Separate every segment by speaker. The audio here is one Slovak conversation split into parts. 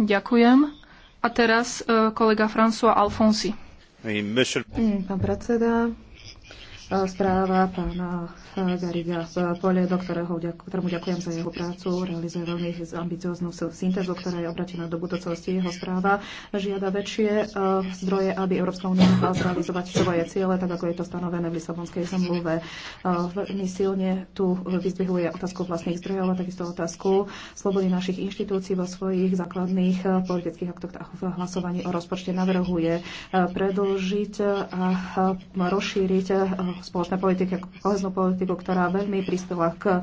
Speaker 1: Ďakujem. A teraz e, kolega François Alfonsi. Pán predseda, správa pána eh, Gariga
Speaker 2: Pole, do ktorého, ktorému ďakujem za jeho prácu, realizuje veľmi ambicioznú syntézu, ktorá je obratená do budúcnosti. Jeho správa žiada väčšie eh, zdroje, aby Európska únia mohla zrealizovať svoje ciele, tak ako je to stanovené v Lisabonskej zmluve. Eh, veľmi silne tu vyzdvihuje otázku vlastných zdrojov a takisto otázku slobody našich inštitúcií vo svojich základných politických aktoch a v hlasovaní o rozpočte navrhuje predlžiť a rozšíriť spoločná politika, koheznú politiku, ktorá veľmi prispela k eh,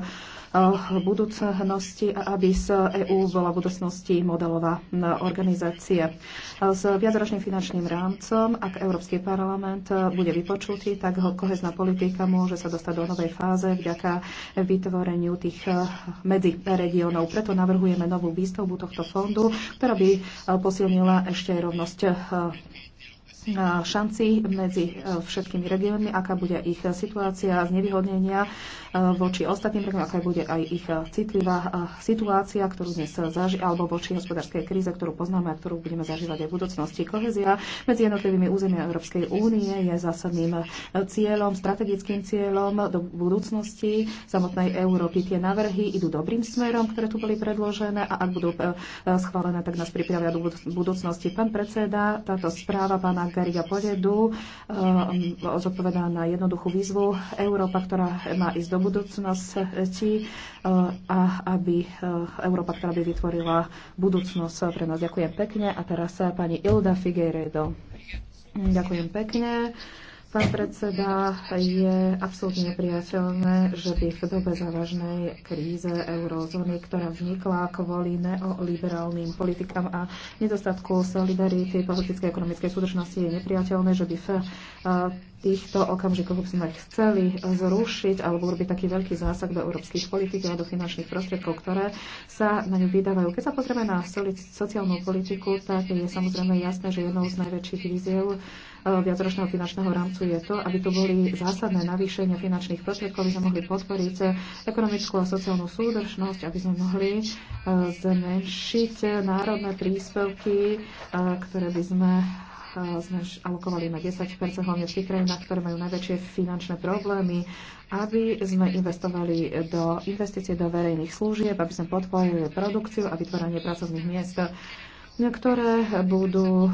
Speaker 2: budúcnosti a aby z EÚ bola v budúcnosti modelová eh, organizácia. Eh, s viacročným finančným rámcom, ak Európsky parlament bude vypočutý, tak kohezná politika môže sa dostať do novej fáze vďaka vytvoreniu tých medziregiónov. Preto navrhujeme novú výstavbu tohto fondu, ktorá by posilnila ešte rovnosť šanci medzi e, všetkými regiónmi, aká bude ich situácia znevýhodnenia e, voči ostatným regiónom, aká bude aj ich citlivá e, situácia, ktorú dnes zažívame, alebo voči hospodárskej kríze, ktorú poznáme a ktorú budeme zažívať aj v budúcnosti. Kohezia medzi jednotlivými územiami Európskej únie je zásadným cieľom, strategickým cieľom do budúcnosti samotnej Európy. Tie návrhy idú dobrým smerom, ktoré tu boli predložené a ak budú schválené, tak nás pripravia do budúcnosti. Pán predseda, táto správa pána Gariga Poledu eh, zodpovedá na jednoduchú výzvu Európa, ktorá má ísť do budúcnosti eh, a aby eh, Európa, ktorá by vytvorila budúcnosť pre nás. Ďakujem pekne. A teraz pani Ilda Figueiredo. Ďakujem pekne. Pán predseda, je absolútne nepriateľné, že by v dobe závažnej kríze eurozóny, ktorá vznikla kvôli neoliberálnym politikám a nedostatku solidarity, politickej a ekonomickej súdržnosti, je nepriateľné, že by v eh, týchto okamžikoch sme chceli zrušiť alebo urobiť taký veľký zásah do európskych politik a do finančných prostriedkov, ktoré sa na ňu vydávajú. Keď sa pozrieme na sociálnu politiku, tak je samozrejme jasné, že jednou z najväčších víziev E, viacročného finančného rámcu je to, aby tu boli zásadné navýšenia finančných prostriedkov, aby sme mohli podporiť ekonomickú a sociálnu súdržnosť, aby sme mohli e, zmenšiť národné príspevky, e, ktoré by sme sme alokovali na 10 hlavne v tých krajinách, ktoré majú najväčšie finančné problémy, aby sme investovali do investície do verejných služieb, aby sme podporili produkciu a vytvorenie pracovných miest, ktoré budú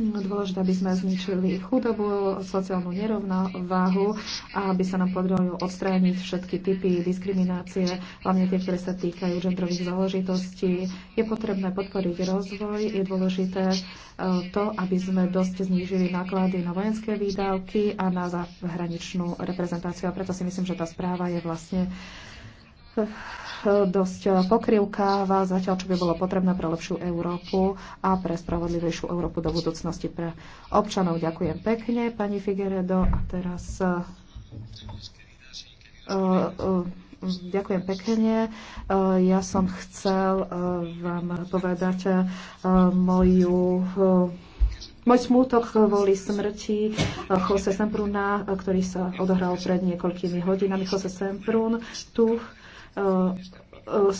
Speaker 2: Dôležité, aby sme zničili chudobu, sociálnu nerovnováhu a aby sa nám podarilo odstrániť všetky typy diskriminácie, hlavne tie, ktoré sa týkajú genderových záležitostí. Je potrebné podporiť rozvoj, je dôležité e, to, aby sme dosť znížili náklady na vojenské výdavky a na zahraničnú reprezentáciu. A preto si myslím, že tá správa je vlastne uh, dosť pokrivkáva, zatiaľ čo by bolo potrebné pre lepšiu Európu a pre spravodlivejšiu Európu do budúcnosti pre občanov. Ďakujem pekne, pani Figueredo. A teraz e, e, Ďakujem pekne. E, ja som chcel vám povedať moju môj smútok kvôli smrti Jose Sempruna, ktorý sa odohral pred niekoľkými hodinami. Jose Semprún tu Ehm, ehm,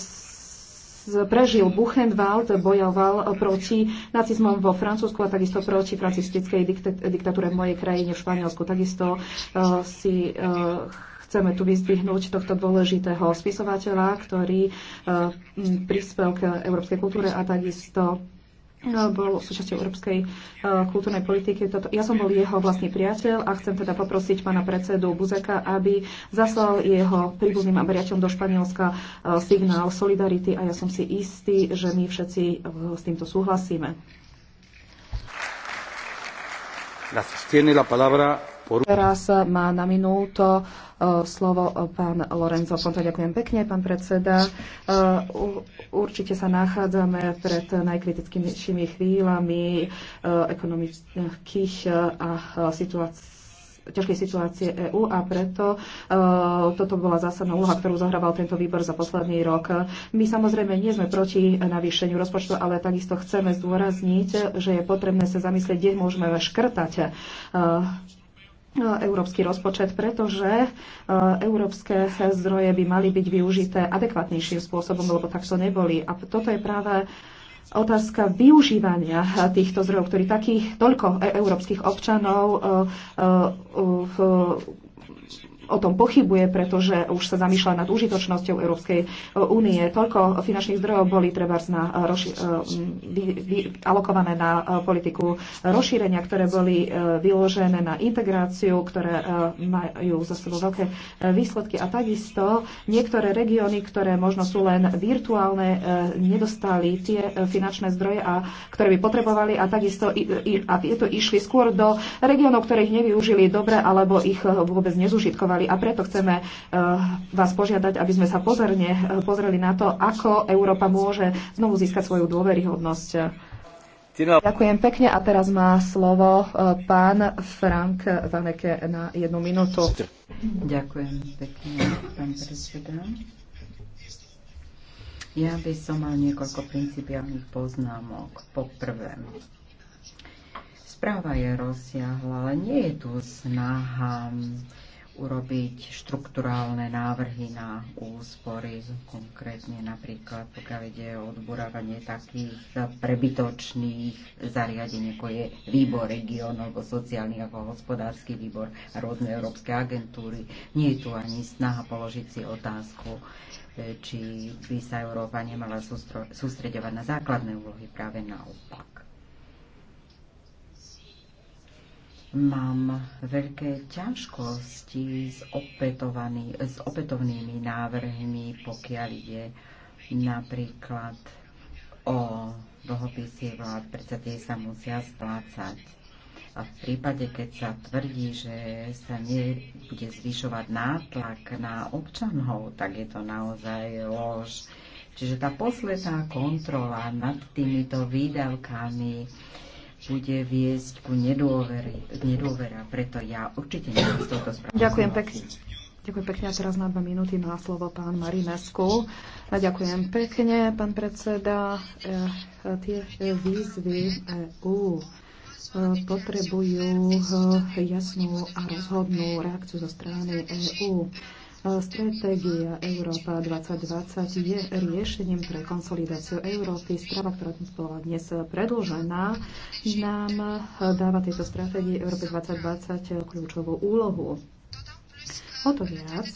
Speaker 2: prežil Buchenwald, bojoval proti nacizmom vo Francúzsku a takisto proti francistickej diktatúre v mojej krajine v Španielsku. Takisto uh, si uh, chceme tu vyzdvihnúť tohto dôležitého spisovateľa, ktorý uh, prispel k európskej kultúre a takisto bol súčasťou európskej e, kultúrnej politiky. Toto, ja som bol jeho vlastný priateľ a chcem teda poprosiť pána predsedu Buzeka, aby zaslal jeho príbuzným a priateľom do Španielska e, signál solidarity a ja som si istý, že my všetci e, s týmto súhlasíme.
Speaker 3: Gracias. Tiene la palabra Teraz
Speaker 2: má na minúto e, slovo pán Lorenzo Ponto. Ďakujem pekne, pán predseda. E, určite sa nachádzame pred najkritickými chvíľami e, ekonomických a situácií ťažkej situácie EÚ a preto uh, toto bola zásadná úloha, ktorú zohrával tento výbor za posledný rok. My samozrejme nie sme proti navýšeniu rozpočtu, ale takisto chceme zdôrazniť, že je potrebné sa zamyslieť, kde môžeme škrtať. Uh, E, európsky rozpočet, pretože e, európske zdroje by mali byť využité adekvátnejším spôsobom, lebo takto neboli. A toto je práve otázka využívania týchto zdrojov, ktorí takých toľko e, európskych občanov o tom pochybuje, pretože už sa zamýšľa nad užitočnosťou Európskej e, únie. Toľko finančných zdrojov boli treba na, e, roši, e, vy, vy, alokované na politiku rozšírenia, ktoré boli vyložené na integráciu, ktoré majú za sebou veľké výsledky a takisto niektoré regióny, ktoré možno sú len virtuálne, nedostali tie finančné zdroje, a, ktoré by potrebovali a takisto i, i, a tieto išli skôr do regiónov, ktoré ich nevyužili dobre alebo ich vôbec nezužitkovali vypracovali a preto chceme eh, vás požiadať, aby sme sa pozorne eh, pozreli na to, ako Európa môže znovu získať svoju dôveryhodnosť. Ďakujem pekne a teraz má slovo eh, pán Frank Vaneke na jednu minútu.
Speaker 4: Ďakujem pekne, pán predseda. Ja by som mal niekoľko principiálnych poznámok. Poprvé, správa je rozsiahla, ale nie je tu snaha urobiť štrukturálne návrhy na úspory, konkrétne napríklad pokiaľ ide o odburávanie takých prebytočných zariadení, ako je výbor regionov, sociálny, ako hospodársky výbor a rôzne európske agentúry. Nie je tu ani snaha položiť si otázku, e, či by sa Európa nemala sústredovať na základné úlohy práve naopak. Mám veľké ťažkosti s, opetovaný, s opätovnými návrhmi, pokiaľ ide napríklad o dlhopisy vlád, predsa tie sa musia splácať. A v prípade, keď sa tvrdí, že sa nebude zvyšovať nátlak na občanov, tak je to naozaj lož. Čiže tá posledná kontrola nad týmito výdavkami bude viesť ku nedôvery, nedôvera. Preto ja určite nemám s touto správou. Ďakujem
Speaker 2: pekne. Ďakujem pekne. A teraz na dva minúty má slovo pán Marinesku. A ďakujem pekne, pán predseda. E, tie výzvy EU e, potrebujú e, jasnú a rozhodnú reakciu zo strany EÚ. Stratégia Európa 2020 je riešením pre konsolidáciu Európy. Správa, ktorá bola dnes predlžená, nám dáva tejto stratégii Európy 2020 kľúčovú úlohu. O to viac,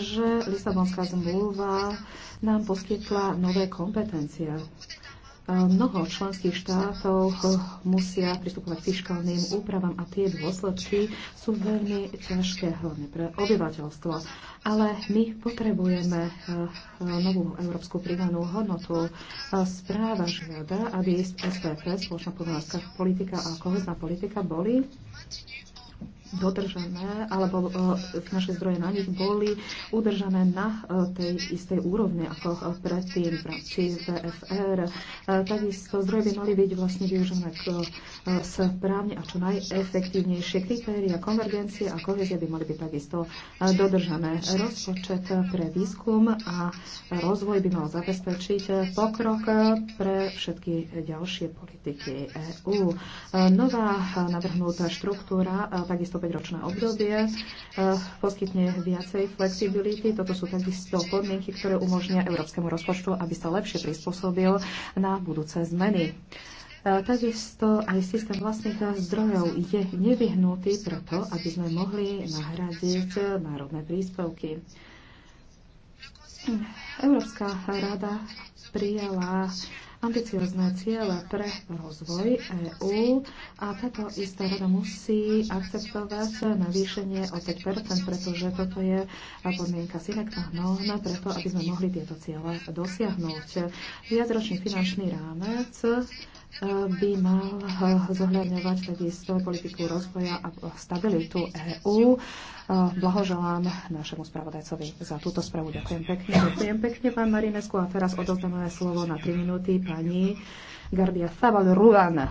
Speaker 2: že Lisabonská zmluva nám poskytla nové kompetencie Mnoho členských štátov musia pristupovať k fiskálnym úpravám a tie dôsledky sú veľmi ťažké, hlavne pre obyvateľstvo. Ale my potrebujeme e, e, novú európsku pridanú hodnotu. E, správa žiada, aby SPP, spoločná poľnohospodárska politika a kohezná politika boli dodržané, alebo e, naše zdroje na nich boli udržané na e, tej istej úrovni ako e, predtým v rámci VFR. Takisto zdroje by mali byť vlastne využené správne a čo najefektívnejšie kritéria konvergencie a kohezie by mali byť takisto dodržané. Rozpočet pre výskum a rozvoj by mal zabezpečiť pokrok pre všetky ďalšie politiky EÚ. Nová navrhnutá štruktúra takisto 5-ročné obdobie eh, poskytne viacej flexibility. Toto sú takisto podmienky, ktoré umožnia európskemu rozpočtu, aby sa lepšie prispôsobil na budúce zmeny. Eh, takisto aj systém vlastných zdrojov je nevyhnutý preto, aby sme mohli nahradiť národné príspevky. Európska rada prijala ambiciozne ciele pre rozvoj EÚ a táto istá rada musí akceptovať navýšenie o 5 pretože toto je podmienka sine qua non preto, aby sme mohli tieto ciele dosiahnuť. Viacročný finančný rámec by mal zohľadňovať takisto politiku rozvoja a stabilitu EÚ. Blahoželám našemu spravodajcovi za túto spravu. Ďakujem pekne. Ďakujem pekne, pán Marinesku. A teraz odozdáme slovo na 3 minúty pani Gardia Zabal Ruan.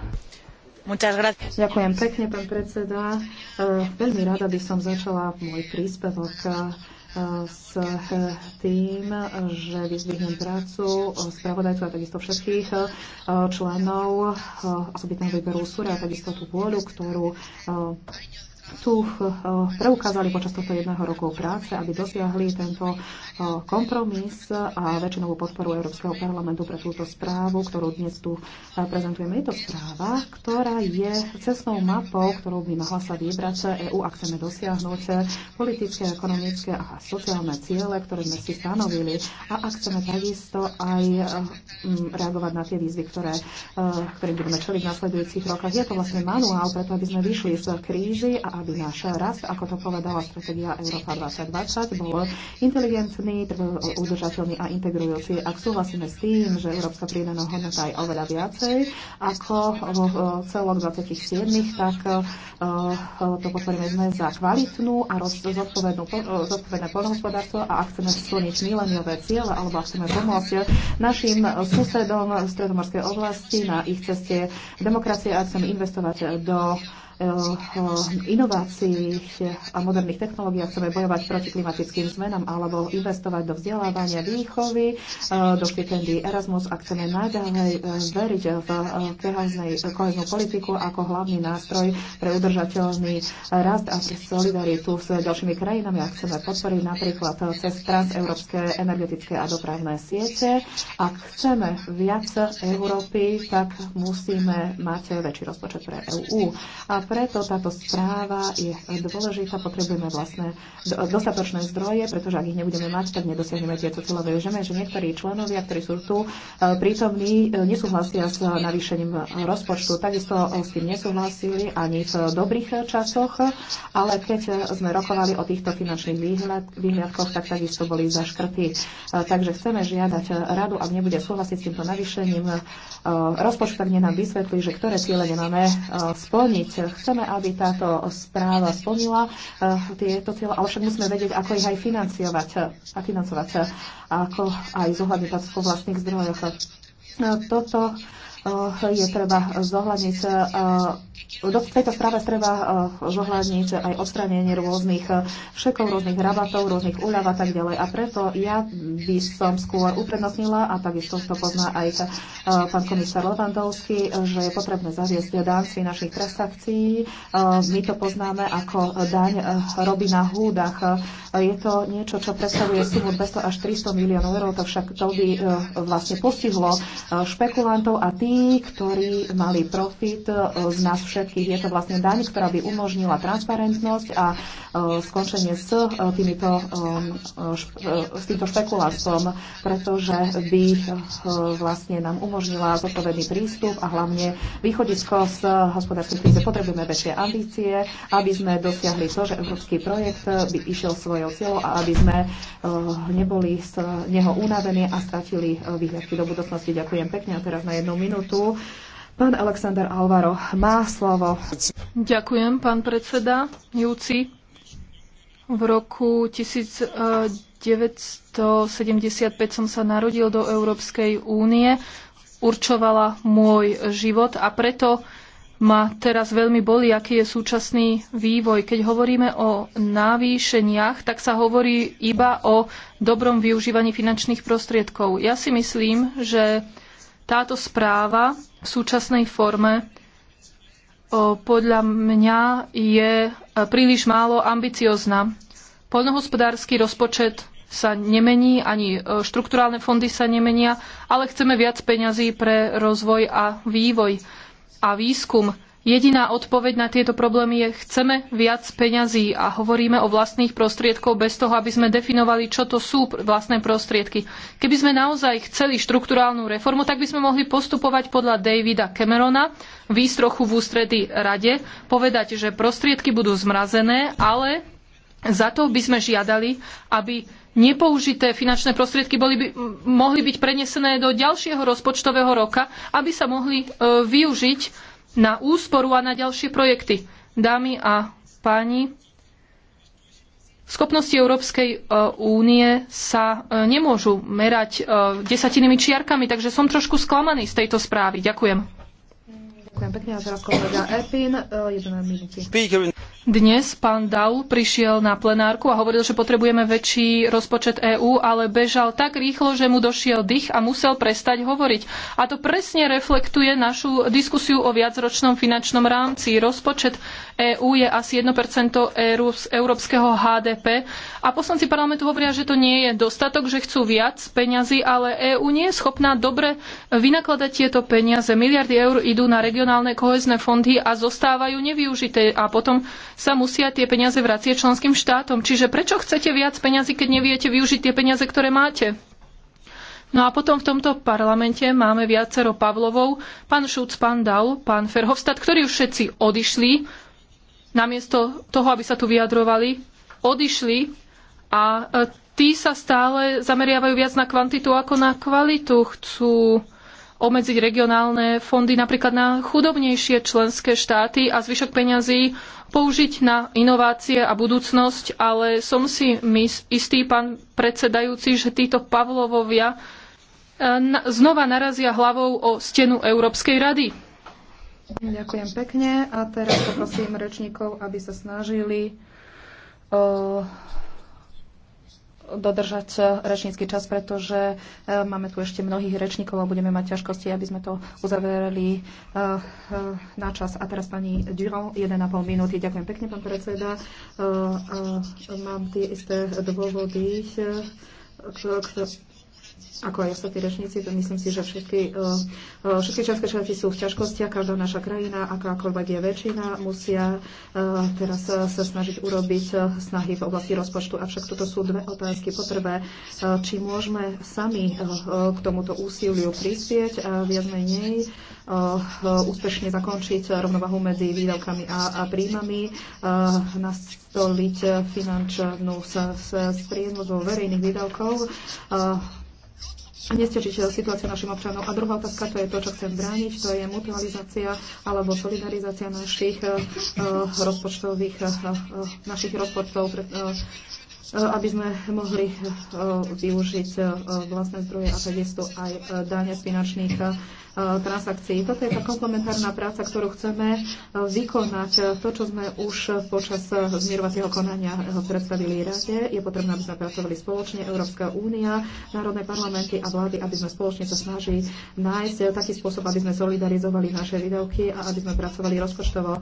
Speaker 2: Ďakujem pekne, pán predseda. E, veľmi rada by som začala môj príspevok e, s tým, že vyzvihnem prácu spravodajcov a takisto všetkých e, členov e, osobitného výberu súra a takisto tú vôľu, ktorú e, tu eh, preukázali počas tohto jedného roku práce, aby dosiahli tento eh, kompromis a väčšinovú podporu Európskeho parlamentu pre túto správu, ktorú dnes tu eh, prezentujeme. Je to správa, ktorá je cestnou mapou, ktorou by mohla sa vybrať EÚ, ak chceme dosiahnuť politické, ekonomické a sociálne ciele, ktoré sme si stanovili a ak chceme takisto aj reagovať na tie výzvy, ktoré, ktorým budeme čeliť v nasledujúcich rokoch. Je to vlastne manuál preto, aby sme vyšli z krízy a aby náš rast, ako to povedala stratégia Európa 2020, bol inteligentný, udržateľný a integrujúci. Ak súhlasíme s tým, že európska prídaná hodnota je oveľa viacej ako e, celok 27, tak e, e, to potvoríme sme za kvalitnú a zodpovedné poľnohospodárstvo a ak chceme splniť mileniové ciele alebo ak chceme pomôcť našim susedom v stredomorskej oblasti na ich ceste demokracie a chceme investovať do Eh, inovácií a moderných technológiách, chceme bojovať proti klimatickým zmenám alebo investovať do vzdelávania výchovy, eh, do štipendy Erasmus a chceme naďalej eh, veriť v koheznú politiku ako hlavný nástroj pre udržateľný rast a solidaritu s ďalšími krajinami a chceme podporiť napríklad cez transeurópske energetické a dopravné siete. Ak chceme viac Európy, tak musíme mať väčší rozpočet pre EÚ. A preto táto správa je dôležitá. Potrebujeme vlastné dostatočné zdroje, pretože ak ich nebudeme mať, tak nedosiahneme tieto cieľové. Vieme, že niektorí členovia, ktorí sú tu e, prítomní, e, nesúhlasia s navýšením rozpočtu. Takisto e, s tým nesúhlasili ani v dobrých časoch, ale keď sme rokovali o týchto finančných výhľadkoch, tak takisto boli zaškrty. Takže chceme žiadať radu, ak nebude súhlasiť s týmto navýšením rozpočtu, tak nám vysvetli, že ktoré ciele nemáme splniť. Chceme, aby táto správa splnila eh, tieto cieľe, ale však musíme vedieť, ako ich aj financiovať eh, a financovať, eh, ako aj zohľadniť vo vlastných zdrojoch. Toto Eh, je treba zohľadniť v eh, tejto správe treba eh, zohľadniť aj odstránenie rôznych šekov, rôznych rabatov, rôznych úľav a tak ďalej. A preto ja by som skôr uprednostnila, a takisto to pozná aj pán komisár Levandovský, že je potrebné zaviesť dan z finančných transakcií. My to poznáme ako daň robí na húdach. Je to niečo, čo predstavuje sumu 200 až 300 miliónov eur, to však to by vlastne postihlo špekulantov a tí ktorí mali profit e, z nás všetkých. Je to vlastne daň, ktorá by umožnila transparentnosť a e, skončenie s, e, týmito, s týmto špekulátom, pretože by vlastne nám umožnila zodpovedný prístup a hlavne východisko z hospodárskej kríze. Potrebujeme väčšie ambície, aby sme dosiahli to, že európsky projekt by išiel svojou cieľou a aby sme neboli z neho unavení a stratili výhľadky do budúcnosti. Ďakujem pekne a teraz na jednu minútu minútu. Pán Alexander Alvaro má slovo.
Speaker 1: Ďakujem, pán predseda Júci. V roku 1975 som sa narodil do Európskej únie, určovala môj život a preto ma teraz veľmi boli, aký je súčasný vývoj. Keď hovoríme o návýšeniach, tak sa hovorí iba o dobrom využívaní finančných prostriedkov. Ja si myslím, že táto správa v súčasnej forme podľa mňa je e, príliš málo ambiciozná. Poľnohospodársky rozpočet sa nemení, ani e, štrukturálne fondy sa nemenia, ale chceme viac peňazí pre rozvoj a vývoj a výskum. Jediná odpoveď na tieto problémy je, chceme viac peňazí a hovoríme o vlastných prostriedkov bez toho, aby sme definovali, čo to sú vlastné prostriedky. Keby sme naozaj chceli štrukturálnu reformu, tak by sme mohli postupovať podľa Davida Camerona, výsť trochu v ústredy rade, povedať, že prostriedky budú zmrazené, ale za to by sme žiadali, aby nepoužité finančné prostriedky boli by, mohli byť prenesené do ďalšieho rozpočtového roka, aby sa mohli e, využiť na úsporu a na ďalšie projekty. Dámy a páni, schopnosti Európskej e, únie sa e, nemôžu merať e, desatinými čiarkami, takže som trošku sklamaný z tejto správy. Ďakujem.
Speaker 2: Ďakujem pekne, a teraz kolega Epin, 11 minúty.
Speaker 1: Dnes pán Daul prišiel na plenárku a hovoril, že potrebujeme väčší rozpočet EÚ, ale bežal tak rýchlo, že mu došiel dých a musel prestať hovoriť. A to presne reflektuje našu diskusiu o viacročnom finančnom rámci. Rozpočet EÚ je asi 1% európskeho HDP a poslanci parlamentu hovoria, že to nie je dostatok, že chcú viac peňazí, ale EÚ nie je schopná dobre vynakladať tieto peniaze. Miliardy eur idú na regionálne kohezné fondy a zostávajú nevyužité a potom sa musia tie peniaze vracie členským štátom. Čiže prečo chcete viac peniazy, keď neviete využiť tie peniaze, ktoré máte? No a potom v tomto parlamente máme viacero Pavlovov, pán Šúc, pán Dau, pán Ferhovstad, ktorí už všetci odišli, namiesto toho, aby sa tu vyjadrovali, odišli a e, tí sa stále zameriavajú viac na kvantitu ako na kvalitu. Chcú obmedziť regionálne fondy napríklad na chudobnejšie členské štáty a zvyšok peňazí použiť na inovácie a budúcnosť, ale som si istý, pán predsedajúci, že títo Pavlovovia e, znova narazia hlavou o stenu Európskej rady.
Speaker 2: Ďakujem pekne a teraz poprosím rečníkov, aby sa snažili e, dodržať rečnícky čas, pretože e, máme tu ešte mnohých rečníkov a budeme mať ťažkosti, aby sme to uzavereli e, e, na čas. A teraz pani Durand, 1,5 minúty. Ďakujem pekne, pán predseda. Mám tie isté dôvody, k, ako aj ostatní rečníci, to myslím si, že všetky, eh, eh, všetky členské štáty sú v ťažkostiach, každá naša krajina, akákoľvek je väčšina, musia eh, teraz sa snažiť urobiť snahy v oblasti rozpočtu. Avšak toto sú dve otázky. potrebe, či môžeme sami k tomuto úsiliu prispieť a viac menej úspešne zakončiť rovnovahu medzi výdavkami a, a príjmami, nastoliť finančnú sprievodov verejných výdavkov, nestečiteľ situácia našim občanov. A druhá otázka, to je to, čo chcem brániť, to je mutualizácia alebo solidarizácia našich uh, rozpočtových, uh, našich rozpočtov, pre, uh, aby sme mohli využiť vlastné zdroje a takisto aj dáňa z finančných Eh, transakcií. Toto je tá komplementárna práca, ktorú chceme eh, vykonať. Eh, to, čo sme už počas zmierovacieho konania predstavili rade, je potrebné, aby sme pracovali spoločne, Európska únia, národné parlamenty a vlády, aby sme spoločne sa snažili nájsť taký spôsob, aby sme solidarizovali naše výdavky a aby sme pracovali rozpočtovo,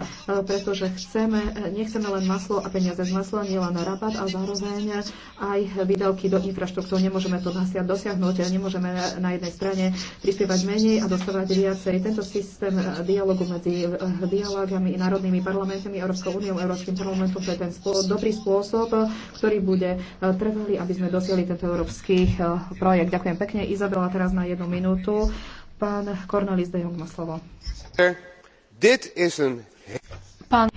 Speaker 2: pretože chceme, nechceme len maslo a peniaze z masla, nielen rabat a zároveň aj výdavky do infraštruktúry Nemôžeme to dosiahnuť, a nemôžeme na jednej strane prispievať menej a dosť pracovať viacej. Tento systém dialogu medzi dialogami národnými parlamentami, Európskou úniou, Európskym parlamentom, to je ten spô- dobrý spôsob, ktorý bude eh, trvalý, aby sme dosiahli tento európsky eh, projekt. Ďakujem pekne. Izabela, teraz na jednu minútu. Pán Cornelis de Jong má slovo. Pán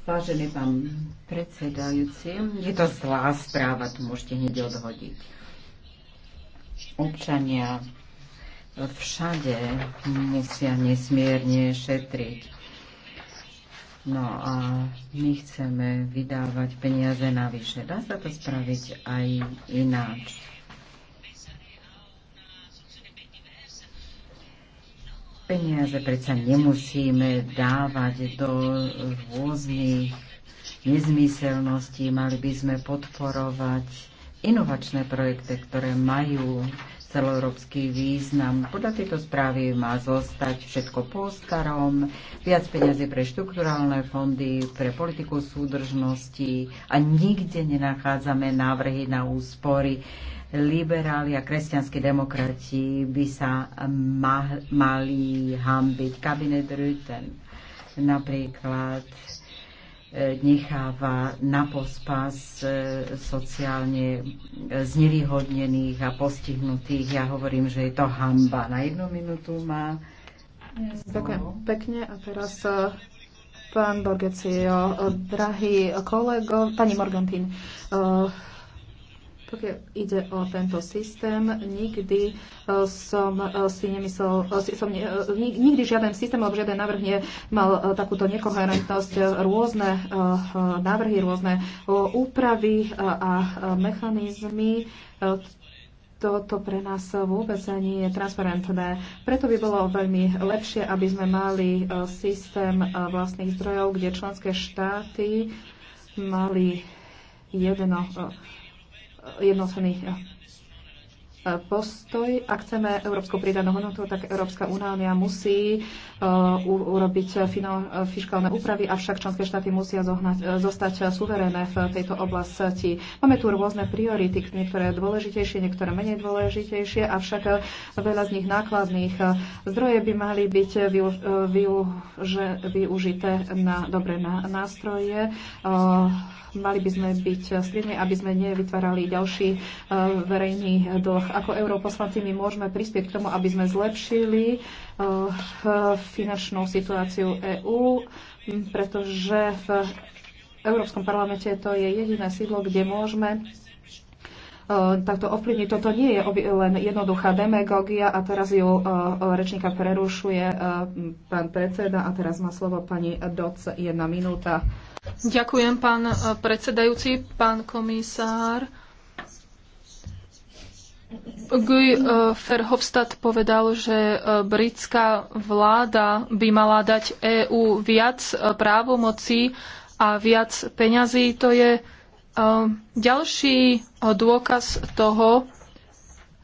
Speaker 4: Vážený pán predsedajúci, je to zlá správa, tu môžete hneď odhodiť. Občania všade musia nesmierne šetriť. No a my chceme vydávať peniaze navyše. Dá sa to spraviť aj ináč. Peniaze predsa nemusíme dávať do rôznych nezmyselností. Mali by sme podporovať inovačné projekty, ktoré majú celoeurópsky význam. Podľa tejto správy má zostať všetko po starom, viac peniazy pre štrukturálne fondy, pre politiku súdržnosti a nikde nenachádzame návrhy na úspory. Liberáli a kresťanskí demokrati by sa ma- mali hambiť. Kabinet Rüten napríklad necháva na pospas e, sociálne znevýhodnených a postihnutých. Ja hovorím, že je to hamba. Na jednu minútu má...
Speaker 2: Ďakujem no. pekne a teraz e, pán Borgecio, drahý kolego, pani Morgantín, e, pokiaľ ide o tento systém, nikdy e, som e, si nemyslel, e, som, nikdy žiaden systém alebo žiaden návrh nemal takúto nekoherentnosť, rôzne návrhy, rôzne úpravy a mechanizmy toto pre nás vôbec nie je transparentné. Preto by bolo veľmi lepšie, aby sme mali systém vlastných zdrojov, kde členské štáty mali jedno jednotný postoj. Ak chceme európsku pridanú hodnotu, tak Európska únia musí uh, urobiť fiskálne úpravy, avšak členské štáty musia zohnať, eh, zostať suverené v tejto oblasti. Máme tu rôzne priority, niektoré dôležitejšie, niektoré menej dôležitejšie, avšak eh, veľa z nich nákladných. Zdroje by mali byť využité na dobré nástroje. Uh, mali by sme byť strední, aby sme nevytvárali ďalší uh, verejný dlh nás ako europoslanci my môžeme prispieť k tomu, aby sme zlepšili eh, finančnú situáciu EÚ, pretože v Európskom parlamente to je jediné sídlo, kde môžeme eh, takto ovplyvniť. Toto nie je len jednoduchá demagógia a teraz ju eh, rečníka prerušuje
Speaker 1: pán predseda a teraz má slovo pani Doc. Jedna minúta. Ďakujem, pán predsedajúci, pán komisár. Guy eh, Verhofstadt povedal, že eh, britská vláda by mala dať EÚ viac eh, právomocí a viac peňazí. To je ďalší dôkaz toho,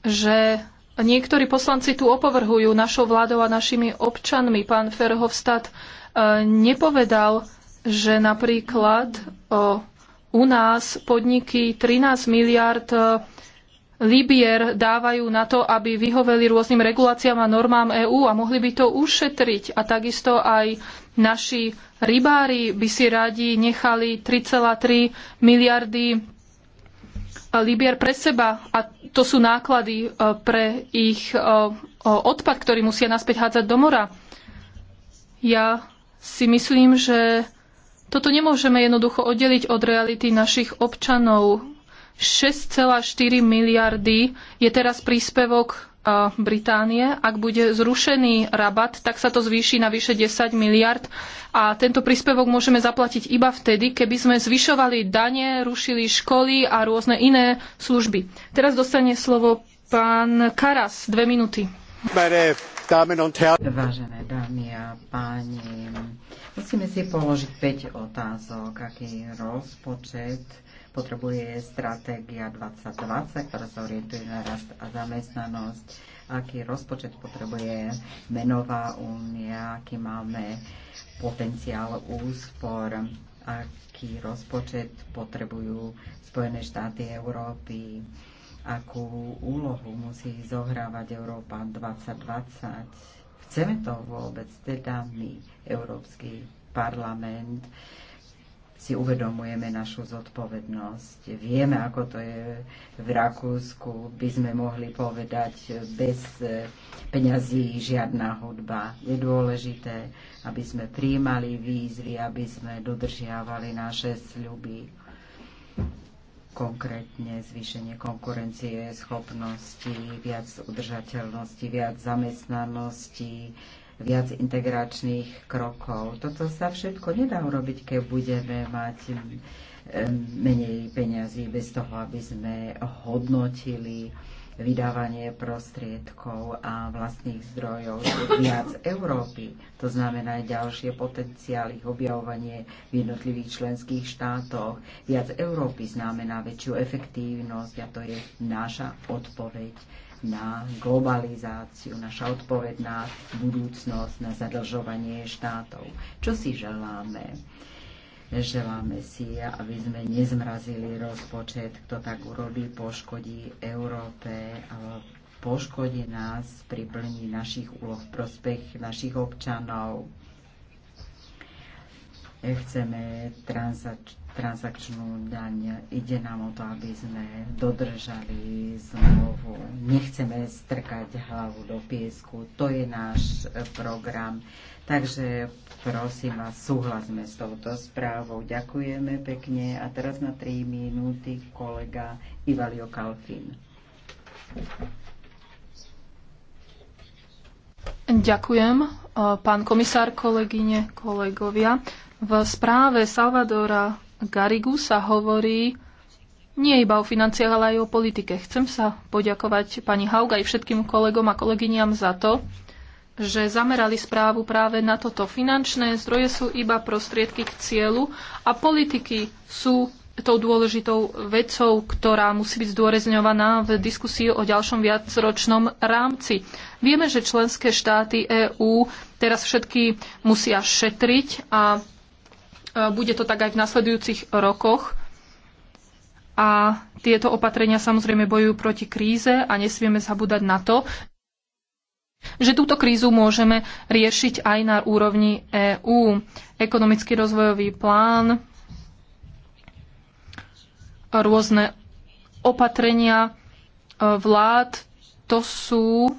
Speaker 1: že niektorí poslanci tu opovrhujú našou vládou a našimi občanmi. Pán Verhofstadt nepovedal, že napríklad u nás podniky 13 miliard libier dávajú na to, aby vyhoveli rôznym reguláciám a normám EÚ a mohli by to ušetriť. A takisto aj naši rybári by si radi nechali 3,3 miliardy eh, libier pre seba a to sú náklady eh, pre ich eh, odpad, ktorý musia naspäť hádzať do mora. Ja si myslím, že toto nemôžeme jednoducho oddeliť od reality našich občanov 6,4 miliardy je teraz príspevok e, Británie. Ak bude zrušený rabat, tak sa to zvýši na vyše 10 miliard a tento príspevok môžeme zaplatiť iba vtedy, keby sme zvyšovali dane, rušili školy a rôzne iné služby. Teraz dostane slovo pán Karas. Dve minúty.
Speaker 4: Vážené dámy a páni, musíme si položiť 5 otázok. Aký je rozpočet potrebuje stratégia 2020, ktorá sa orientuje na rast a zamestnanosť, aký rozpočet potrebuje menová únia, aký máme potenciál úspor, aký rozpočet potrebujú Spojené štáty Európy, akú úlohu musí zohrávať Európa 2020. Chceme to vôbec, teda my, Európsky parlament si uvedomujeme našu zodpovednosť. Vieme, ako to je v Rakúsku. By sme mohli povedať, bez eh, peňazí žiadna hudba. Je dôležité, aby sme príjmali výzvy, aby sme dodržiavali naše sľuby. Konkrétne zvýšenie konkurencie, schopnosti, viac udržateľnosti, viac zamestnanosti, viac integračných krokov. Toto sa všetko nedá urobiť, keď budeme mať mm, menej peňazí bez toho, aby sme hodnotili vydávanie prostriedkov a vlastných zdrojov viac Európy. To znamená aj ďalšie potenciály, objavovanie v jednotlivých členských štátoch. Viac Európy znamená väčšiu efektívnosť a to je naša odpoveď na globalizáciu, naša odpoveď na budúcnosť, na zadlžovanie štátov. Čo si želáme? Želáme si, aby sme nezmrazili rozpočet. Kto tak urobí, poškodí Európe, poškodí nás pri plní našich úloh v prospech našich občanov. Chceme transač- transakčnú daň. Ide nám o to, aby sme dodržali zmluvu. Nechceme strkať hlavu do piesku. To je náš program. Takže prosím vás, súhlasme s touto správou. Ďakujeme pekne. A teraz na 3 minúty kolega Ivalio Kalfin.
Speaker 1: Ďakujem, eh, pán komisár, kolegyne, kolegovia. V správe Salvadora Garigu sa hovorí nie iba o financiách, ale aj o politike. Chcem sa poďakovať pani Haug aj všetkým kolegom a kolegyniam za to, že zamerali správu práve na toto. Finančné zdroje sú iba prostriedky k cieľu a politiky sú tou dôležitou vecou, ktorá musí byť zdôrezňovaná v diskusii o ďalšom viacročnom rámci. Vieme, že členské štáty EÚ teraz všetky musia šetriť a E, bude to tak aj v nasledujúcich rokoch. A tieto opatrenia samozrejme bojujú proti kríze a nesmieme zabúdať na to, že túto krízu môžeme riešiť aj na úrovni EÚ. Ekonomický rozvojový plán, rôzne opatrenia e, vlád, to sú,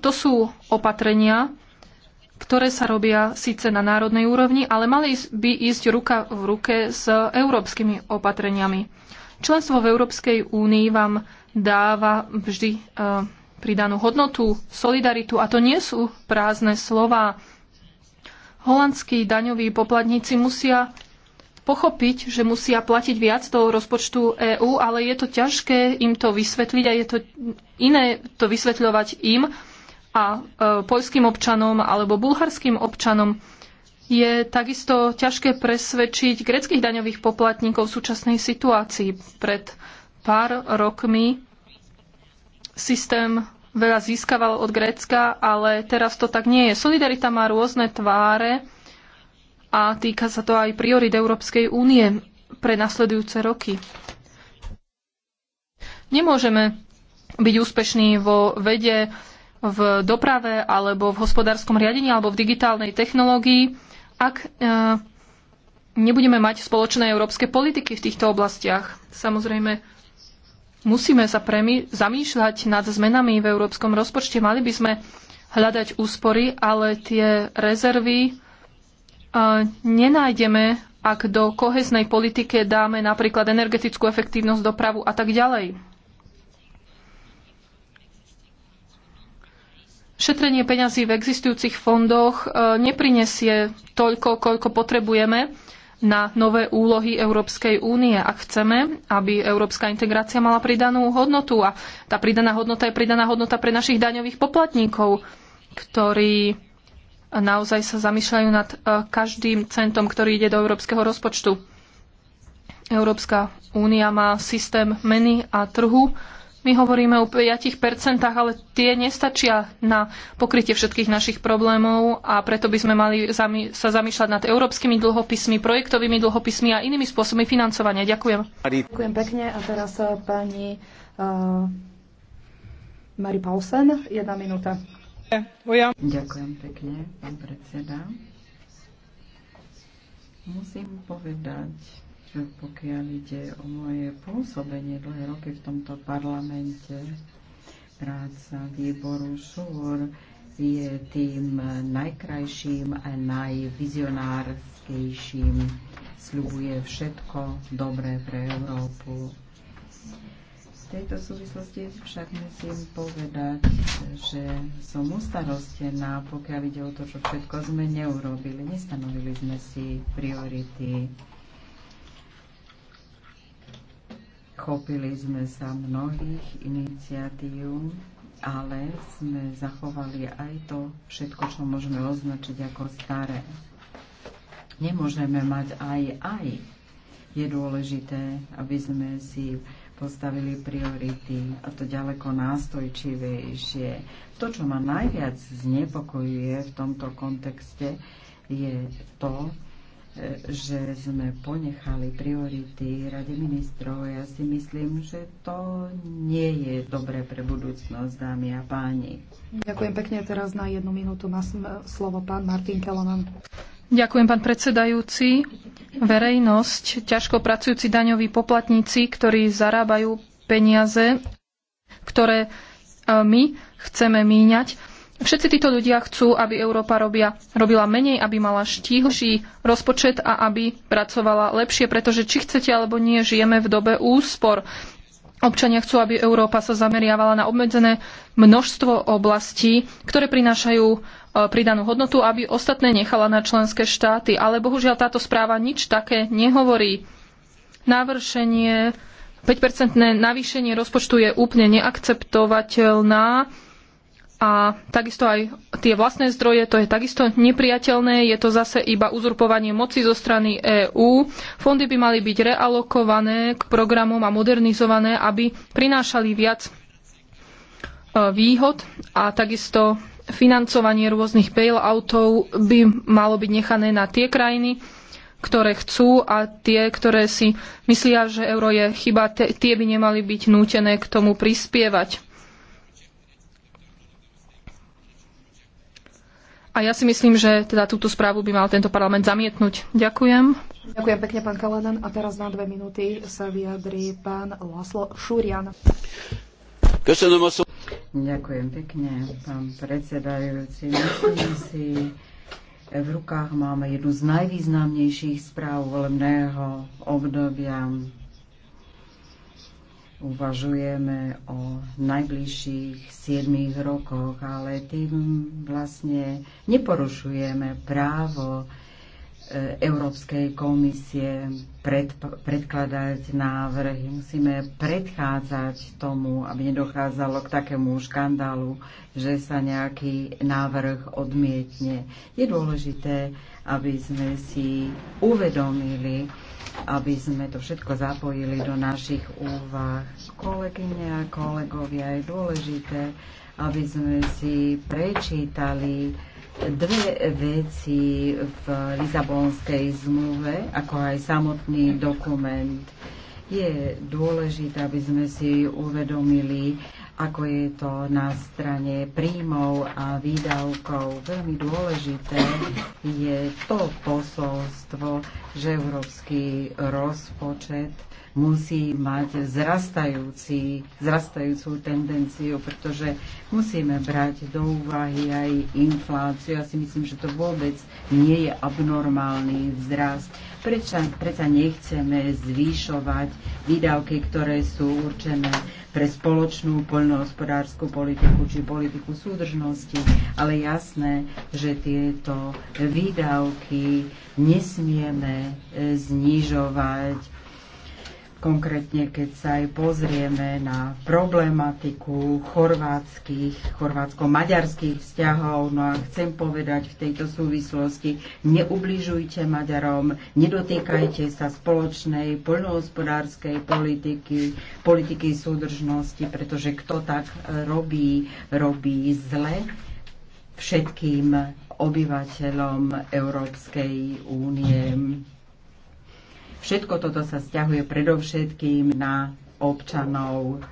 Speaker 1: to sú opatrenia, ktoré sa robia síce na národnej úrovni, ale mali by ísť ruka v ruke s európskymi opatreniami. Členstvo v Európskej únii vám dáva vždy e, pridanú hodnotu, solidaritu a to nie sú prázdne slova. Holandskí daňoví poplatníci musia pochopiť, že musia platiť viac do rozpočtu EÚ, ale je to ťažké im to vysvetliť a je to iné to vysvetľovať im, a e, poľským občanom alebo bulharským občanom je takisto ťažké presvedčiť greckých daňových poplatníkov v súčasnej situácii. Pred pár rokmi systém veľa získaval od Grécka, ale teraz to tak nie je. Solidarita má rôzne tváre a týka sa to aj priorit Európskej únie pre nasledujúce roky. Nemôžeme byť úspešní vo vede, v doprave alebo v hospodárskom riadení alebo v digitálnej technológii, ak e, nebudeme mať spoločné európske politiky v týchto oblastiach. Samozrejme, musíme sa zamýšľať nad zmenami v európskom rozpočte. Mali by sme hľadať úspory, ale tie rezervy e, nenájdeme, ak do koheznej politike dáme napríklad energetickú efektívnosť, dopravu a tak ďalej. šetrenie peňazí v existujúcich fondoch e, neprinesie toľko, koľko potrebujeme na nové úlohy Európskej únie, ak chceme, aby európska integrácia mala pridanú hodnotu. A tá pridaná hodnota je pridaná hodnota pre našich daňových poplatníkov, ktorí naozaj sa zamýšľajú nad e, každým centom, ktorý ide do európskeho rozpočtu. Európska únia má systém meny a trhu, my hovoríme o 5%, ale tie nestačia na pokrytie všetkých našich problémov a preto by sme mali sa zamýšľať nad európskymi dlhopismi, projektovými dlhopismi a inými spôsobmi financovania. Ďakujem. Ďakujem pekne a teraz eh, pani uh, eh, Mary Paulsen, jedna minúta.
Speaker 4: Ďakujem pekne, pán predseda. Musím povedať, pokiaľ ide o moje pôsobenie dlhé roky v tomto parlamente. Práca výboru ŠUR je tým najkrajším a najvizionárskejším. Sľubuje všetko dobré pre Európu. V tejto súvislosti však musím povedať, že som ustarostená, pokiaľ ide o to, čo všetko sme neurobili. Nestanovili sme si priority Chopili sme sa mnohých iniciatív, ale sme zachovali aj to všetko, čo môžeme označiť ako staré. Nemôžeme mať aj aj. Je dôležité, aby sme si postavili priority a to ďaleko nástojčivejšie. To, čo ma najviac znepokojuje v tomto kontexte, je to, že sme ponechali priority Rady ministrov. Ja si myslím, že to nie je dobré pre budúcnosť, dámy a páni.
Speaker 2: Ďakujem pekne. Teraz na jednu minútu má slovo pán Martin Kelonan.
Speaker 4: Ďakujem,
Speaker 1: pán predsedajúci. Verejnosť, ťažko pracujúci daňoví poplatníci, ktorí zarábajú peniaze, ktoré e, my chceme míňať, Všetci títo ľudia chcú, aby Európa robia, robila menej, aby mala štíhlší rozpočet a aby pracovala lepšie, pretože či chcete alebo nie, žijeme v dobe úspor. Občania chcú, aby Európa sa zameriavala na obmedzené množstvo oblastí, ktoré prinášajú e, pridanú hodnotu, aby ostatné nechala na členské štáty. Ale bohužiaľ táto správa nič také nehovorí. Navršenie 5-percentné navýšenie rozpočtu je úplne neakceptovateľná a takisto aj tie vlastné zdroje, to je takisto nepriateľné, je to zase iba uzurpovanie moci zo strany EÚ. Fondy by mali byť realokované k programom a modernizované, aby prinášali viac e, výhod a takisto financovanie rôznych bail-outov by malo byť nechané na tie krajiny, ktoré chcú a tie, ktoré si myslia, že euro je chyba, tie by nemali byť nútené k tomu prispievať. A ja si myslím, že teda túto správu by mal tento parlament zamietnúť. Ďakujem.
Speaker 2: Ďakujem pekne, pán Kalanan. A teraz na dve minúty sa vyjadrí pán
Speaker 4: Laslo Šurian. Ďakujem pekne, pán predsedajúci. Myslím si, v rukách máme jednu z najvýznamnejších správ volebného obdobia uvažujeme o najbližších 7 rokoch, ale tým vlastne neporušujeme právo e, Európskej komisie pred, predkladať návrhy. Musíme predchádzať tomu, aby nedochádzalo k takému škandálu, že sa nejaký návrh odmietne. Je dôležité, aby sme si uvedomili, aby sme to všetko zapojili do našich úvah. Kolegyne a kolegovia, je dôležité, aby sme si prečítali dve veci v Lisabonskej zmluve, ako aj samotný dokument. Je dôležité, aby sme si uvedomili, ako je to na strane príjmov a výdavkov. Veľmi dôležité je to posolstvo, že európsky rozpočet musí mať zrastajúci, zrastajúcu tendenciu, pretože musíme brať do úvahy aj infláciu. Ja si myslím, že to vôbec nie je abnormálny vzrast Prečo, prečo nechceme zvýšovať výdavky, ktoré sú určené pre spoločnú poľnohospodárskú politiku či politiku súdržnosti, ale jasné, že tieto výdavky nesmieme e, znižovať Konkrétne, keď sa aj pozrieme na problematiku chorvátskych, chorvátsko-maďarských vzťahov, no a chcem povedať v tejto súvislosti, neubližujte Maďarom, nedotýkajte sa spoločnej poľnohospodárskej politiky, politiky súdržnosti, pretože kto tak robí, robí zle všetkým obyvateľom Európskej únie. Všetko toto sa stiahuje predovšetkým na občanov.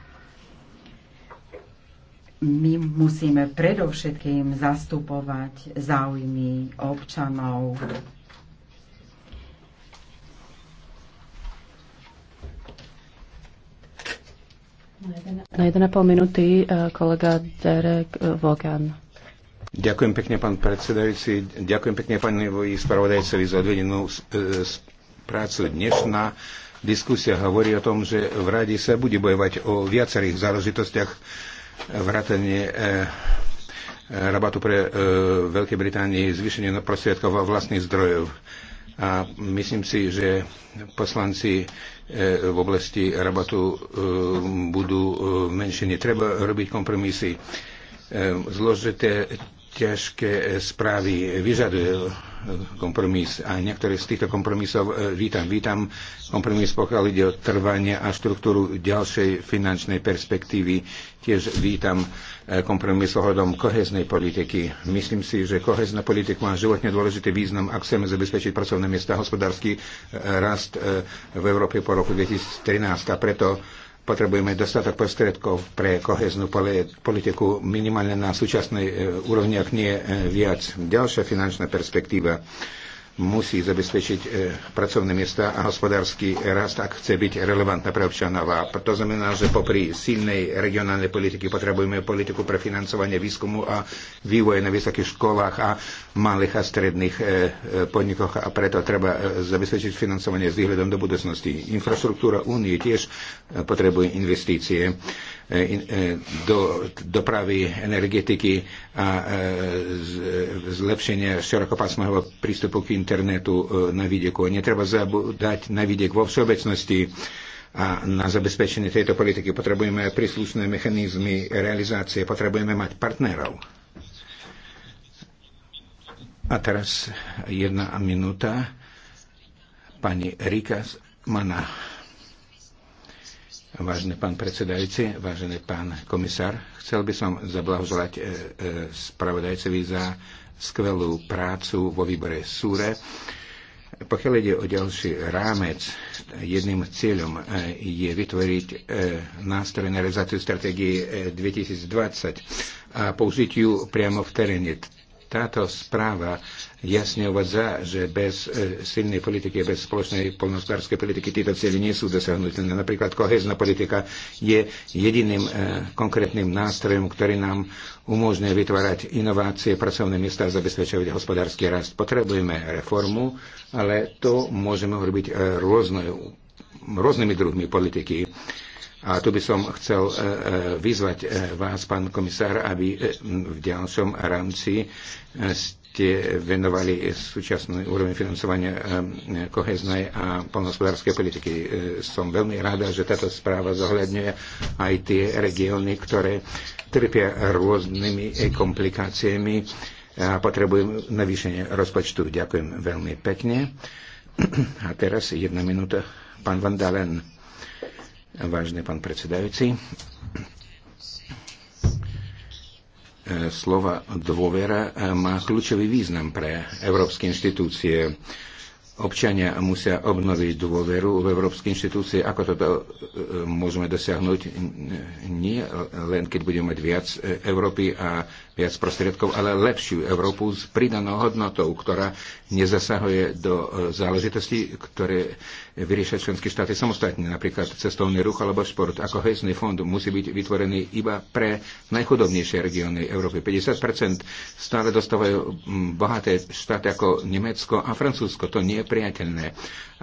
Speaker 4: My musíme predovšetkým zastupovať záujmy občanov.
Speaker 5: Na 1,5 minúty e, kolega Derek e, Vogan.
Speaker 3: Ďakujem pekne, pán predsedajúci. Ďakujem pekne pánovi spravodajcovi za odvedenú e, prácu. Dnešná diskusia hovorí o tom, že v rade sa bude bojovať o viacerých záležitostiach vrátane eh, rabatu pre eh, Veľkej Británii, zvýšenie prostriedkov a vlastných zdrojov. A myslím si, že poslanci eh, v oblasti rabatu budú v menšine. Treba robiť kompromisy. Zložité ťažké e, správy vyžaduje e, kompromis a niektoré z týchto kompromisov e, vítam. Vítam kompromis, pokiaľ ide o trvanie a štruktúru ďalšej finančnej perspektívy. Tiež vítam kompromis ohľadom koheznej politiky. Myslím si, že kohezná politika má životne dôležitý význam, ak chceme zabezpečiť pracovné miesta a hospodársky rast v Európe po roku 2013. A preto Potrebujeme dostatok prostriedkov pre koheznú politiku minimálne na súčasnej e, úrovni, ak nie e, viac. Ďalšia finančná perspektíva musí zabezpečiť e, pracovné miesta a hospodársky rast, ak chce byť relevantná pre občanov. A to znamená, že popri silnej regionálnej politiky potrebujeme politiku pre financovanie výskumu a vývoje na vysokých školách a malých a stredných e, e, podnikoch a preto treba zabezpečiť financovanie s výhľadom do budúcnosti. Infraštruktúra únie tiež potrebuje investície E, e, do, dopravy, energetiky a e, zlepšenie širokopásmového prístupu k internetu na videku. Netreba zabúdať na videk vo všeobecnosti a na zabezpečenie tejto politiky potrebujeme príslušné mechanizmy realizácie, potrebujeme mať partnerov. A teraz jedna minúta. Pani Rikas Mana. Vážený pán predsedajúci, vážený pán komisár, chcel by som zablahoželať e, e, spravodajcovi za skvelú prácu vo výbore SURE. Pokiaľ ide o ďalší rámec, jedným cieľom e, je vytvoriť nástroj na realizáciu stratégie 2020 a použiť ju priamo v teréne. Táto správa jasne uvádza, že bez e, silnej politiky, bez spoločnej polnohospodárskej politiky tieto cieľe nie sú dosiahnutelné. Napríklad kohezná politika je jediným e, konkrétnym nástrojom, ktorý nám umožňuje vytvárať inovácie, pracovné miesta a zabezpečovať hospodársky rast. Potrebujeme reformu, ale to môžeme urobiť e, rôzne, rôznymi druhmi politiky. A tu by som chcel vyzvať vás, pán komisár, aby v ďalšom rámci ste venovali súčasnú úroveň financovania eh, koheznej a polnohospodárskej politiky. Eh, som veľmi rada, že táto správa zohľadňuje aj tie regióny, ktoré trpia rôznymi komplikáciami a potrebujú navýšenie rozpočtu. Ďakujem veľmi pekne. A teraz jedna minúta. Pán Van Dalen, vážny pán predsedajúci slova dôvera eh, má kľúčový význam pre európske inštitúcie. Občania musia obnoviť dôveru v európske inštitúcie. Ako toto eh, môžeme dosiahnuť? Nie len, keď budeme mať viac eh, Európy a viac prostriedkov, ale lepšiu Európu s pridanou hodnotou, ktorá nezasahuje do e, záležitostí, ktoré vyriešia členské štáty samostatne, napríklad cestovný ruch alebo šport. Ako hezný fond musí byť vytvorený iba pre najchudobnejšie regióny Európy. 50% stále dostávajú bohaté štáty ako Nemecko a Francúzsko. To nie je priateľné.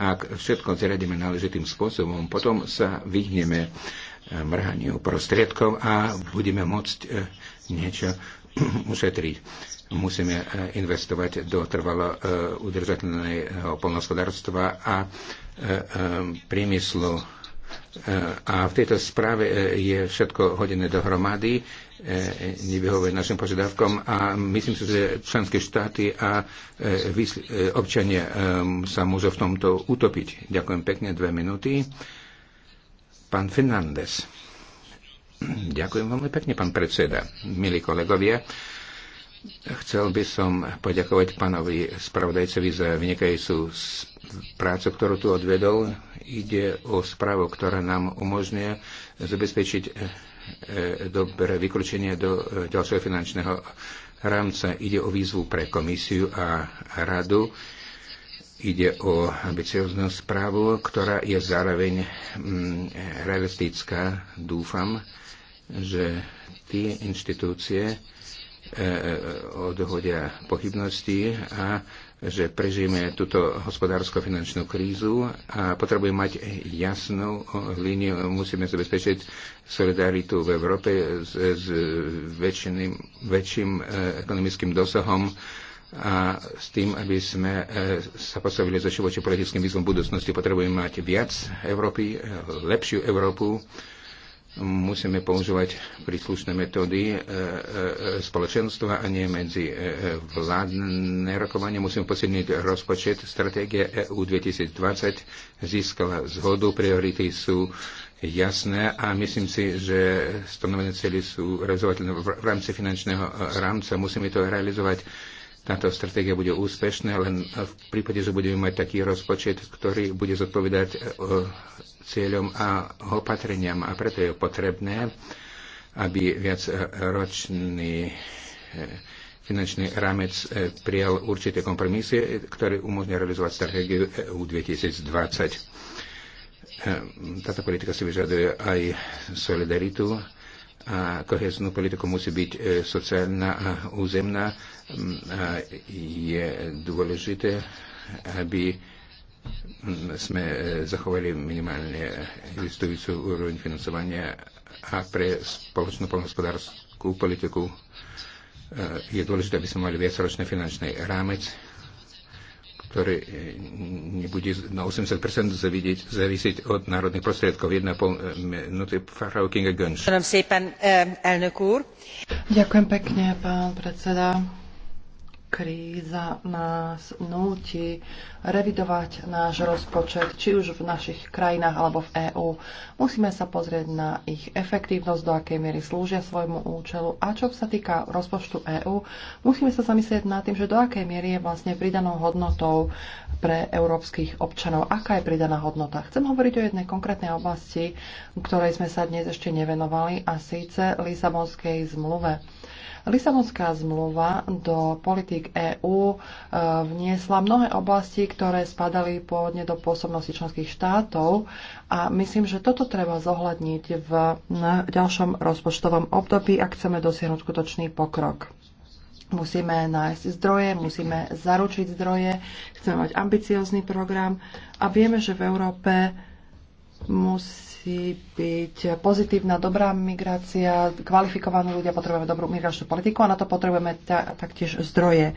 Speaker 3: Ak všetko zriadíme náležitým spôsobom, potom sa vyhneme e, mrhaniu prostriedkov a budeme môcť e, niečo ušetriť. Musíme e, investovať do trvalo e, udržateľného polnospodárstva a e, priemyslu. A v tejto správe je všetko hodené dohromady, nevyhovuje našim požiadavkom a myslím si, že členské štáty a občania sa môžu v tomto utopiť. Ďakujem pekne, dve minúty. Pán Fernández. Ďakujem veľmi pekne, pán predseda. Milí kolegovia, chcel by som poďakovať pánovi spravodajcovi za vynikajúcu prácu, ktorú tu odvedol. Ide o správu, ktorá nám umožňuje zabezpečiť e, e, dobré vykročenie do e, ďalšieho finančného rámca. Ide o výzvu pre komisiu a radu. Ide o ambicioznú správu, ktorá je zároveň mm, realistická, dúfam že tie inštitúcie e, e, odhodia pochybnosti a že prežijeme túto hospodársko-finančnú krízu a potrebujeme mať jasnú líniu. Musíme zabezpečiť solidaritu v Európe s, s väčšiným, väčším e, ekonomickým dosahom a s tým, aby sme sa postavili za voči politickým výzvom budúcnosti. Potrebujeme mať viac Európy, lepšiu Európu musíme používať príslušné metódy e, e, e, spoločenstva a nie medzi vládne rokovanie. Musíme posilniť rozpočet. Stratégia EU 2020 získala zhodu, priority sú jasné a myslím si, že stanovené cely sú realizovateľné v rámci finančného rámca. Musíme to realizovať táto stratégia bude úspešná, len v prípade, že budeme mať taký rozpočet, ktorý bude zodpovedať e, cieľom a opatreniam. A preto je potrebné, aby viacročný e, e, finančný rámec prijal určité kompromisy, ktoré umožňujú realizovať stratégiu EU 2020. Táto politika si vyžaduje aj solidaritu a koheznú politiku musí byť e, sociálna a územná. A je dôležité, aby sme e, zachovali minimálne existujúcu úroveň financovania a pre spoločnú polnohospodárskú politiku e, je dôležité, aby sme mali viacročný finančný rámec ktoré e, nebude na 80% zavidieť, zavisiť od národných prostriedkov. Jedna pol e, minúty Farhau Kinga Gönš. E,
Speaker 4: Ďakujem pekne, pán
Speaker 6: predseda kríza nás núti revidovať náš rozpočet, či už v našich krajinách alebo v EÚ. Musíme sa pozrieť na ich efektívnosť, do akej miery slúžia svojmu účelu. A čo sa týka rozpočtu EÚ, musíme sa zamyslieť nad tým, že do akej miery je vlastne pridanou hodnotou pre európskych občanov. Aká je pridaná hodnota? Chcem hovoriť o jednej konkrétnej oblasti, ktorej sme sa dnes ešte nevenovali, a síce Lisabonskej zmluve. Lisabonská zmluva do politik EÚ e, vniesla mnohé oblasti, ktoré spadali pôvodne do pôsobnosti členských štátov a myslím, že toto treba zohľadniť v ďalšom rozpočtovom období, ak chceme dosiahnuť skutočný pokrok musíme nájsť zdroje, musíme zaručiť zdroje, chceme mať ambiciózny program a vieme, že v Európe musí musí byť pozitívna, dobrá migrácia, kvalifikovaní ľudia, potrebujeme dobrú migračnú politiku a na to potrebujeme taktiež zdroje.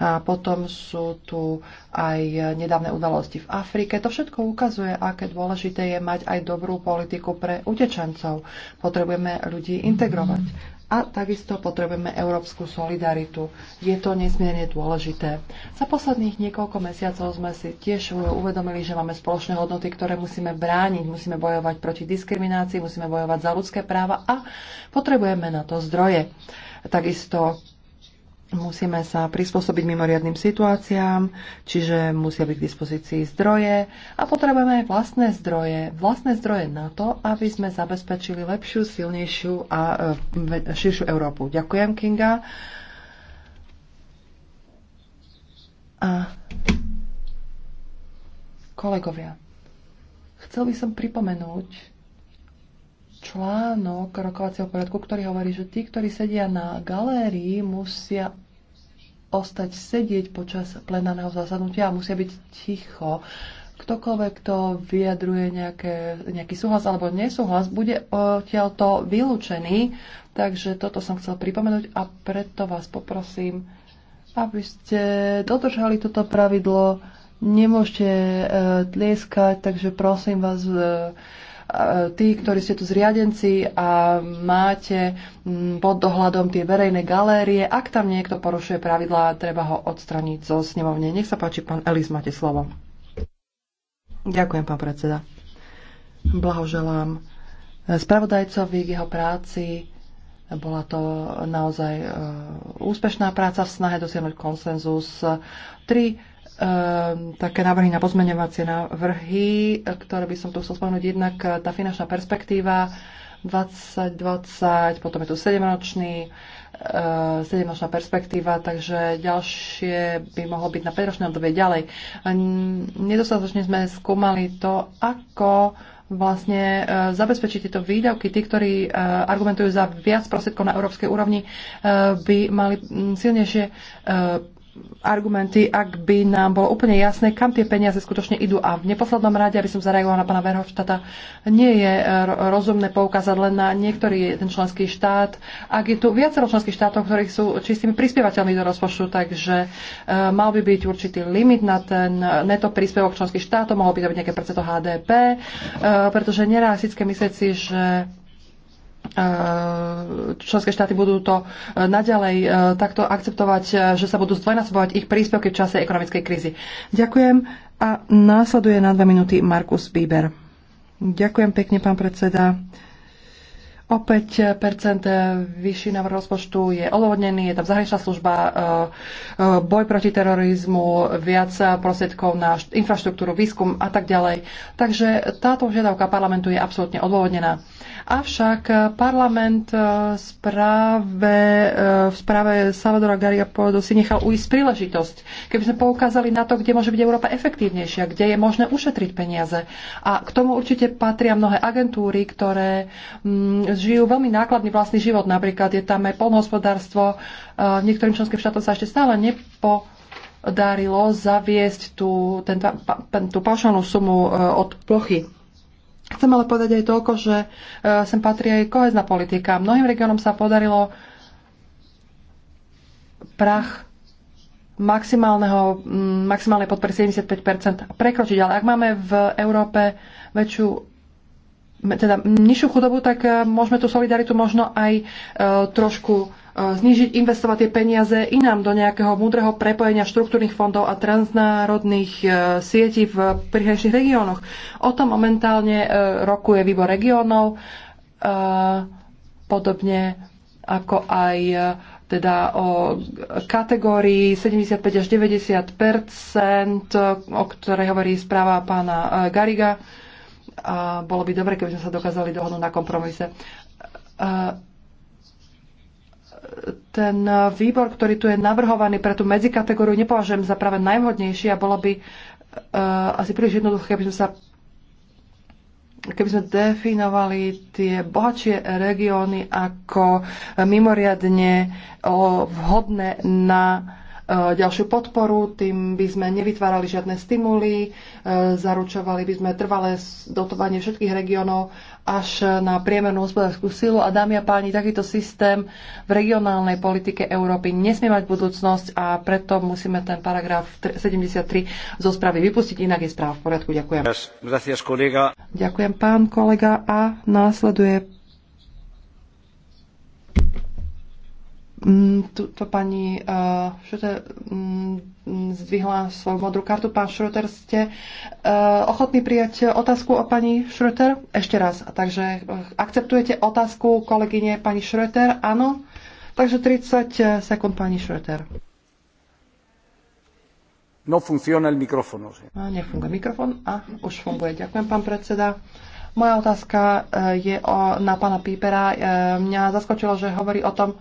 Speaker 6: A potom sú tu aj nedávne udalosti v Afrike. To všetko ukazuje, aké dôležité je mať aj dobrú politiku pre utečencov. Potrebujeme ľudí integrovať a takisto potrebujeme európsku solidaritu. Je to nesmierne dôležité. Za posledných niekoľko mesiacov sme si tiež uvedomili, že máme spoločné hodnoty, ktoré musíme brániť, musíme bojovať proti diskriminácii, musíme bojovať za ľudské práva a potrebujeme na to zdroje. Takisto Musíme sa prispôsobiť mimoriadným situáciám, čiže musia byť k dispozícii zdroje a potrebujeme aj vlastné zdroje. Vlastné zdroje na to, aby sme zabezpečili lepšiu, silnejšiu a e, širšiu Európu. Ďakujem, Kinga. A kolegovia, chcel by som pripomenúť, článok rokovacieho poriadku, ktorý hovorí, že tí, ktorí sedia na galérii, musia ostať sedieť počas plenárneho zasadnutia a musia byť ticho. Ktokoľvek, kto vyjadruje nejaké, nejaký súhlas alebo nesúhlas, bude odtiaľto vylúčený. Takže toto som chcel pripomenúť a preto vás poprosím, aby ste dodržali toto pravidlo. Nemôžete e, tlieskať, takže prosím vás, e, E, tí, ktorí ste tu zriadenci a máte pod dohľadom tie verejné galérie, ak tam niekto porušuje pravidlá, treba ho odstraniť zo snemovne. Nech sa páči, pán Elis, máte slovo. Ďakujem, pán predseda. Blahoželám spravodajcovi k jeho práci. Bola to naozaj e, úspešná práca v snahe dosiahnuť konsenzus. Tri Ehm, také návrhy na pozmeňovacie návrhy, ktoré by som tu chcel spomenúť. Jednak eh, tá finančná perspektíva 2020, potom je tu 7-ročný, 7-ročná eh, perspektíva, takže ďalšie by mohlo byť na 5-ročné obdobie ďalej. Nedostatočne sme skúmali to, ako vlastne eh, zabezpečiť tieto výdavky. Tí, ktorí argumentujú za viac prostriedkov na európskej úrovni, by mali silnejšie argumenty, ak by nám bolo úplne jasné, kam tie peniaze skutočne idú. A v neposlednom rade, aby som zareagovala na pána Verhofštata, nie je rozumné poukázať len na niektorý ten členský štát. Ak je tu viacero členských štátov, ktorí sú čistými prispievateľmi do rozpočtu, takže e, mal by byť určitý limit na ten neto príspevok členských štátov, mohol by to byť nejaké percento HDP, e, pretože nerealistické myslieť si, že E, členské štáty budú to e, naďalej e, takto akceptovať, že sa budú zdvojnásobovať ich príspevky v čase ekonomickej krízy. Ďakujem a následuje na dve minúty Markus Bieber. Ďakujem pekne, pán predseda. O 5% vyšší návrh rozpočtu je odvodnený, je tam zahraničná služba, boj proti terorizmu, viac prostriedkov na infraštruktúru, výskum a tak ďalej. Takže táto žiadavka parlamentu je absolútne odôvodnená. Avšak eh, parlament eh, správe, eh, v správe Salvadora Garia Porodu si nechal uísť príležitosť, keby sme poukázali na to, kde môže byť Európa efektívnejšia, kde je možné ušetriť peniaze. A k tomu určite patria mnohé agentúry, ktoré mm, žijú veľmi nákladný vlastný život. Napríklad je tam aj polnohospodárstvo. V niektorým členským štátom sa ešte stále nepo darilo zaviesť tú, tú paušálnu sumu od plochy Chcem ale povedať aj toľko, že e, sem patrí aj kohezná politika. Mnohým regiónom sa podarilo prach maximálneho, mm, maximálne podpory 75% prekročiť. Ale ak máme v Európe väčšiu teda nižšiu chudobu, tak e, môžeme tú solidaritu možno aj e, trošku znižiť, investovať tie peniaze inám do nejakého múdreho prepojenia štruktúrnych fondov a transnárodných e, sietí v prihraničných regiónoch. O tom momentálne e, rokuje výbor regiónov, e, podobne ako aj teda o kategórii 75 až 90 o ktorej hovorí správa pána Gariga. A bolo by dobre, keby sme sa dokázali dohodnúť na kompromise ten výbor, ktorý tu je navrhovaný pre tú medzikategóriu, nepovažujem za práve najvhodnejší a bolo by uh, asi príliš jednoduché, keby sme sa keby sme definovali tie bohatšie regióny ako mimoriadne vhodné na Eh, ďalšiu podporu, tým by sme nevytvárali žiadne stimuly, eh, zaručovali by sme trvalé dotovanie všetkých regiónov až na priemernú hospodárskú silu. A dámy a páni, takýto systém v regionálnej politike Európy nesmie mať budúcnosť a preto musíme ten paragraf 73 zo správy vypustiť, inak je správ v poriadku. Ďakujem. Gracias, kolega. Ďakujem, pán kolega. A následuje Mm, Tuto pani uh, Šuter um, zdvihla svoju modrú kartu. Pán Šruter, ste uh, ochotní prijať otázku o pani Šruter? Ešte raz. Takže eh, akceptujete otázku kolegyne pani Šruter? Áno. Takže 30 sekúnd pani Šruter.
Speaker 3: No funciona el mikrofón.
Speaker 6: nefunguje mikrofón. A už funguje. Ďakujem, pán predseda. Moja otázka eh, je o, na pána Pípera. Mňa zaskočilo, že hovorí o tom,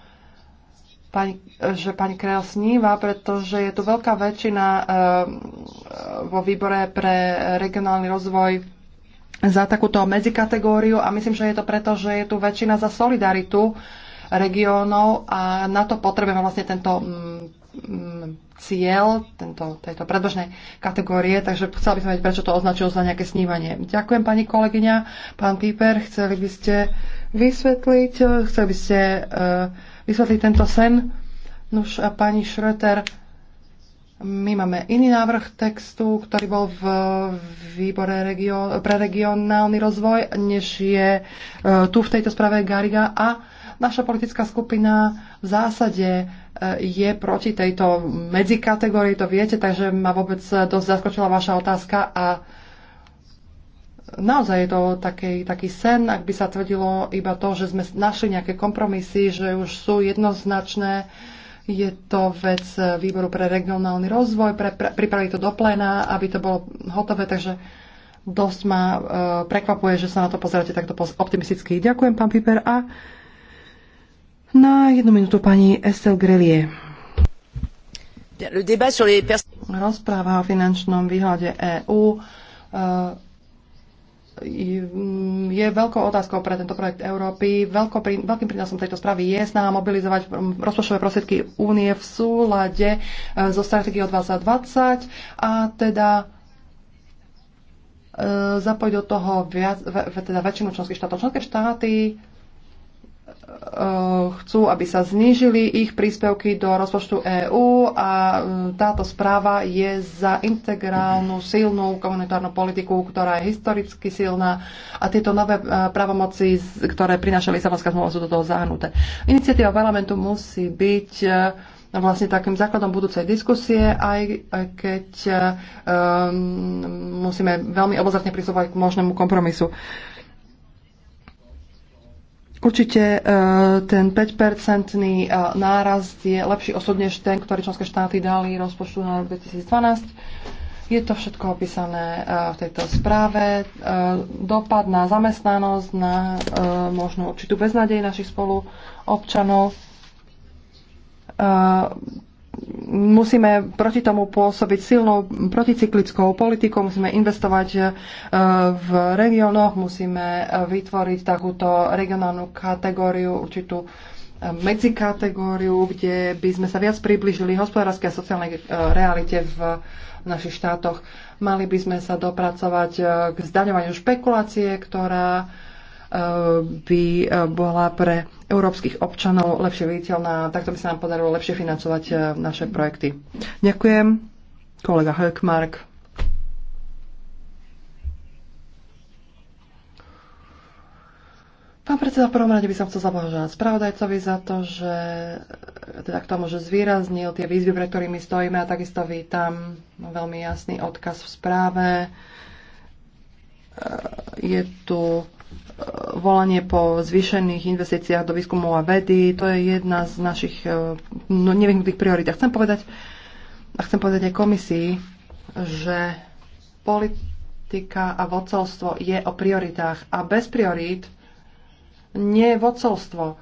Speaker 6: pani, že pani Krell sníva, pretože je tu veľká väčšina eh, vo výbore pre regionálny rozvoj za takúto medzikategóriu a myslím, že je to preto, že je tu väčšina za solidaritu regiónov a na to potrebujeme vlastne tento mm, mm, cieľ tento, tejto predbežnej kategórie, takže chcela by som vedieť, prečo to označilo za nejaké snívanie. Ďakujem pani kolegyňa, pán Píper, chceli by ste vysvetliť, chceli by ste uh, vysvetliť tento sen. Nož a pani Schröter, my máme iný návrh textu, ktorý bol v výbore regio- pre regionálny rozvoj, než je e, tu v tejto správe Gariga a naša politická skupina v zásade e, je proti tejto medzikategórii, to viete, takže ma vôbec dosť zaskočila vaša otázka a naozaj je to taký, taký sen, ak by sa tvrdilo iba to, že sme našli nejaké kompromisy, že už sú jednoznačné. Je to vec výboru pre regionálny rozvoj, pre, pre, pripraviť to do pléna, aby to bolo hotové, takže dosť ma e, prekvapuje, že sa na to pozeráte takto optimisticky. Ďakujem, pán Piper. A na jednu minútu pani Estelle Grelie. Rozpráva o finančnom výhľade EÚ. E, je veľkou otázkou pre tento projekt Európy. Veľko, veľkým prínosom tejto správy je snaha mobilizovať rozpočtové prostriedky únie v súlade e, so stratégiou 2020 a teda e, zapojiť do toho viac, teda väčšinu členských štátov. Členské štáty chcú, aby sa znížili ich príspevky do rozpočtu EÚ a e, táto správa je za integrálnu, silnú komunitárnu politiku, ktorá je historicky silná a tieto nové e, pravomoci, ktoré prináša Lisabonská zmluva, sú do toho zahnuté. Iniciatíva parlamentu musí byť e, vlastne takým základom budúcej diskusie, aj keď um, musíme veľmi obozratne pristúpať k možnému kompromisu. Uh, Určite e, ten 5-percentný e, nárast je lepší osobne než ten, ktorý členské štáty dali rozpočtu na rok 2012. Je to všetko opísané e, v tejto správe. Dopad na zamestnanosť, na možno určitú beznadej našich spoluobčanov musíme proti tomu pôsobiť silnou proticyklickou politikou, musíme investovať e, v regiónoch, musíme vytvoriť takúto regionálnu kategóriu, určitú e, medzikategóriu, kde by sme sa viac približili hospodárskej a sociálnej e, realite v našich štátoch. Mali by sme sa dopracovať k zdaňovaniu špekulácie, ktorá by eh, bola pre európskych občanov lepšie viditeľná. Takto by sa nám podarilo lepšie financovať eh, naše projekty. Ďakujem. Kolega Hökmark. Pán predseda, v prvom rade by som chcel zabohažovať spravodajcovi za to, že eh, teda k tomu, že zvýraznil tie výzvy, pre ktorými stojíme a takisto vítam veľmi jasný odkaz v správe. Je tu E, volanie po zvýšených investíciách do výskumu a vedy. To je jedna z našich e, no, nevyhnutých priorít. A chcem povedať, a chcem povedať aj komisii, že politika a vodcovstvo je o prioritách. A bez priorít nie je vodcovstvo.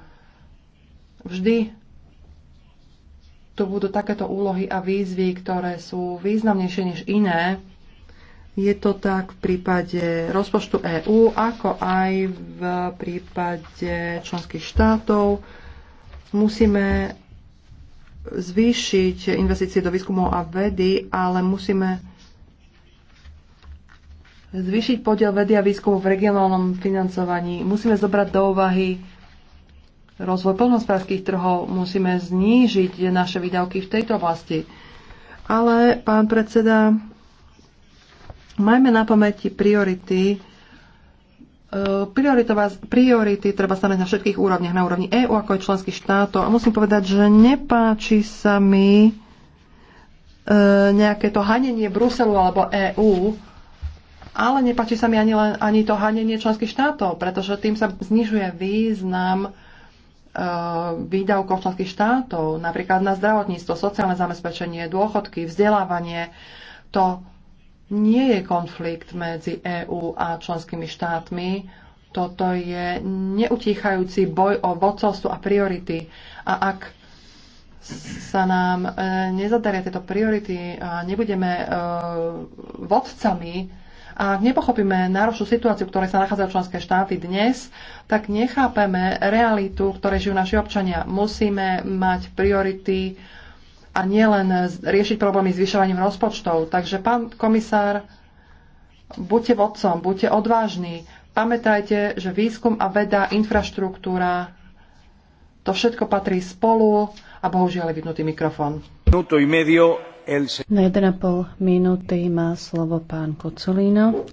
Speaker 6: Vždy tu budú takéto úlohy a výzvy, ktoré sú významnejšie než iné je to tak v prípade rozpočtu EÚ, ako aj v prípade členských štátov. Musíme zvýšiť investície do výskumov a vedy, ale musíme zvýšiť podiel vedy a výskumu v regionálnom financovaní. Musíme zobrať do úvahy rozvoj plnohospodárských trhov, musíme znížiť naše výdavky v tejto oblasti. Ale, pán predseda, Majme na pamäti priority. E, priority treba stanoviť na všetkých úrovniach, na úrovni EÚ, ako aj členských štátov. A musím povedať, že nepáči sa mi e, nejaké to hanenie Bruselu alebo EÚ, ale nepáči sa mi ani, len, ani to hanenie členských štátov, pretože tým sa znižuje význam e, výdavkov členských štátov, napríklad na zdravotníctvo, sociálne zabezpečenie, dôchodky, vzdelávanie. To nie je konflikt medzi EÚ a členskými štátmi. Toto je neutíchajúci boj o vodcovstvo a priority. A ak sa nám e, nezadaria tieto priority a nebudeme e, vodcami, a ak nepochopíme náročnú situáciu, v ktorej sa nachádzajú členské štáty dnes, tak nechápeme realitu, v ktorej žijú naši občania. Musíme mať priority a nielen riešiť problémy zvyšovaním rozpočtov. Takže, pán komisár, buďte vodcom, buďte odvážni. Pamätajte, že výskum a veda, infraštruktúra, to všetko patrí spolu a bohužiaľ je vypnutý mikrofón. Na 1,5 minúty má slovo pán
Speaker 5: Kocolino.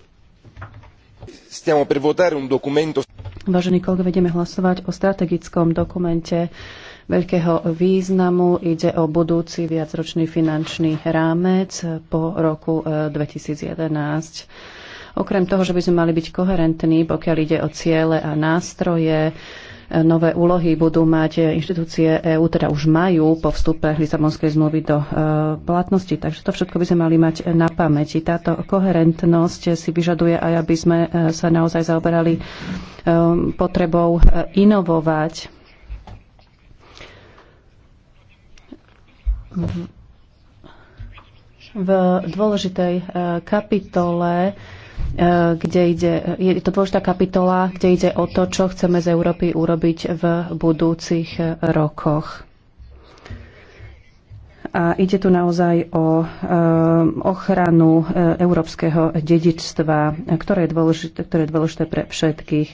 Speaker 5: Vážení kolegovia, ideme hlasovať o strategickom dokumente veľkého významu. Ide o budúci viacročný finančný rámec po roku 2011. E, Okrem toho, že by sme mali byť koherentní, pokiaľ ide o ciele a nástroje, e, nové úlohy budú mať inštitúcie EÚ, teda už majú po vstupe Lisabonskej zmluvy do e, platnosti. Takže to všetko by sme mali mať na pamäti. Táto koherentnosť si vyžaduje aj, aby sme sa naozaj zaoberali potrebou inovovať v dôležitej e, kapitole e, kde ide, je to dôležitá kapitola, kde ide o to, čo chceme z Európy urobiť v budúcich e, rokoch. A ide tu naozaj o ochranu európskeho dedičstva, ktoré je dôležité, ktoré je dôležité pre všetkých.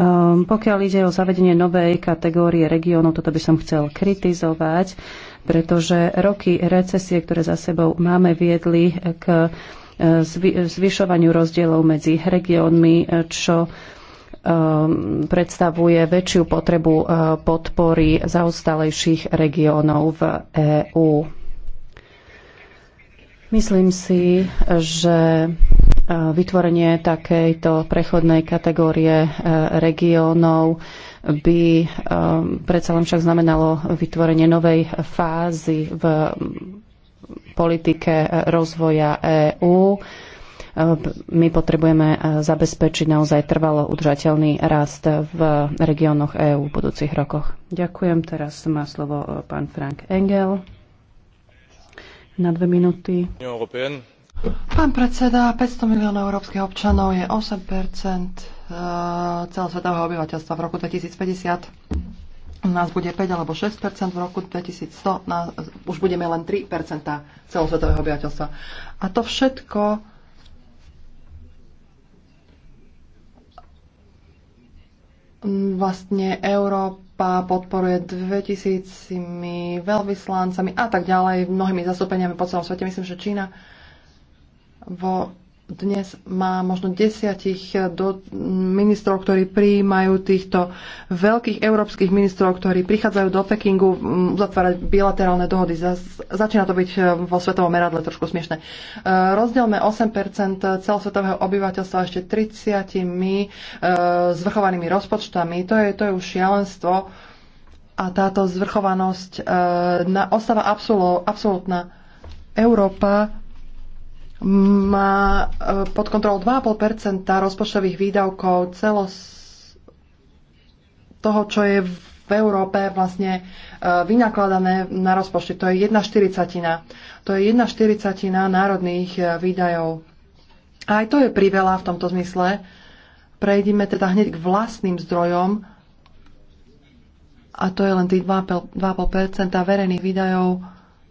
Speaker 5: Um, pokiaľ ide o zavedenie novej kategórie regiónov, toto by som chcel kritizovať, pretože roky recesie, ktoré za sebou máme, viedli k e, zvyšovaniu rozdielov medzi regiónmi, e, čo ehm, predstavuje väčšiu potrebu e, podpory zaostalejších regiónov v EÚ. Myslím si, že Vytvorenie takejto prechodnej kategórie e, regiónov by e, predsa len však znamenalo vytvorenie novej fázy v politike e, rozvoja EÚ. My potrebujeme zabezpečiť naozaj trvalo udržateľný rast v regiónoch EÚ v budúcich rokoch. Ďakujem. Teraz má slovo pán Frank Engel
Speaker 6: na dve minúty. Pán predseda, 500 miliónov európskych občanov je 8 e, celosvetového obyvateľstva v roku 2050. Nás bude 5 alebo 6 v roku 2100, nás, už budeme len 3 celosvetového obyvateľstva. A to všetko vlastne Európa podporuje 2000 veľvyslancami a tak ďalej, mnohými zastúpeniami po celom svete. Myslím, že Čína vo dnes má možno desiatich do, ministrov, ktorí prijímajú týchto veľkých európskych ministrov, ktorí prichádzajú do Pekingu zatvárať bilaterálne dohody. Začína to byť e, vo svetovom meradle trošku smiešne. Rozdielme 8% celosvetového obyvateľstva ešte 30 e, zvrchovanými rozpočtami. To je, to je už šialenstvo a táto zvrchovanosť e, ostáva absolútna. Európa má e, pod kontrolou 2,5 rozpočtových výdavkov celos toho, čo je v Európe vlastne e, vynakladané na rozpočty. To je jedna štyricatina. To je jedna štyricatina národných e, výdajov. A aj to je priveľa v tomto zmysle. Prejdime teda hneď k vlastným zdrojom a to je len tých 2,5 verejných výdajov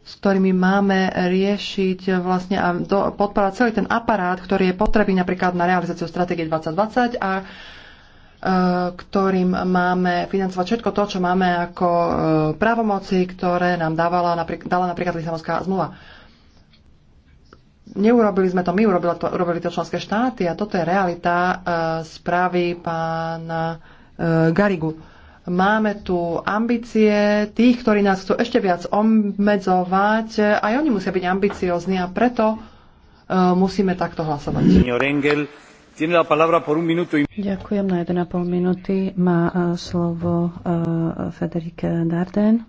Speaker 6: s ktorými máme riešiť vlastne a do, podporovať celý ten aparát, ktorý je potrebný napríklad na realizáciu stratégie 2020 a e, ktorým máme financovať všetko to, čo máme ako e, právomoci, ktoré nám dávala napríklad, dala napríklad Lisabonská zmluva. Neurobili sme to my, urobili to, urobili to členské štáty a toto je realita e, správy pána e, Garigu. E, Máme tu ambície tých, ktorí nás chcú ešte viac obmedzovať. Aj oni musia byť ambiciozni a preto uh, musíme takto hlasovať. Ďakujem na 1,5 minúty. Má e, slovo uh, e, Federik Darden.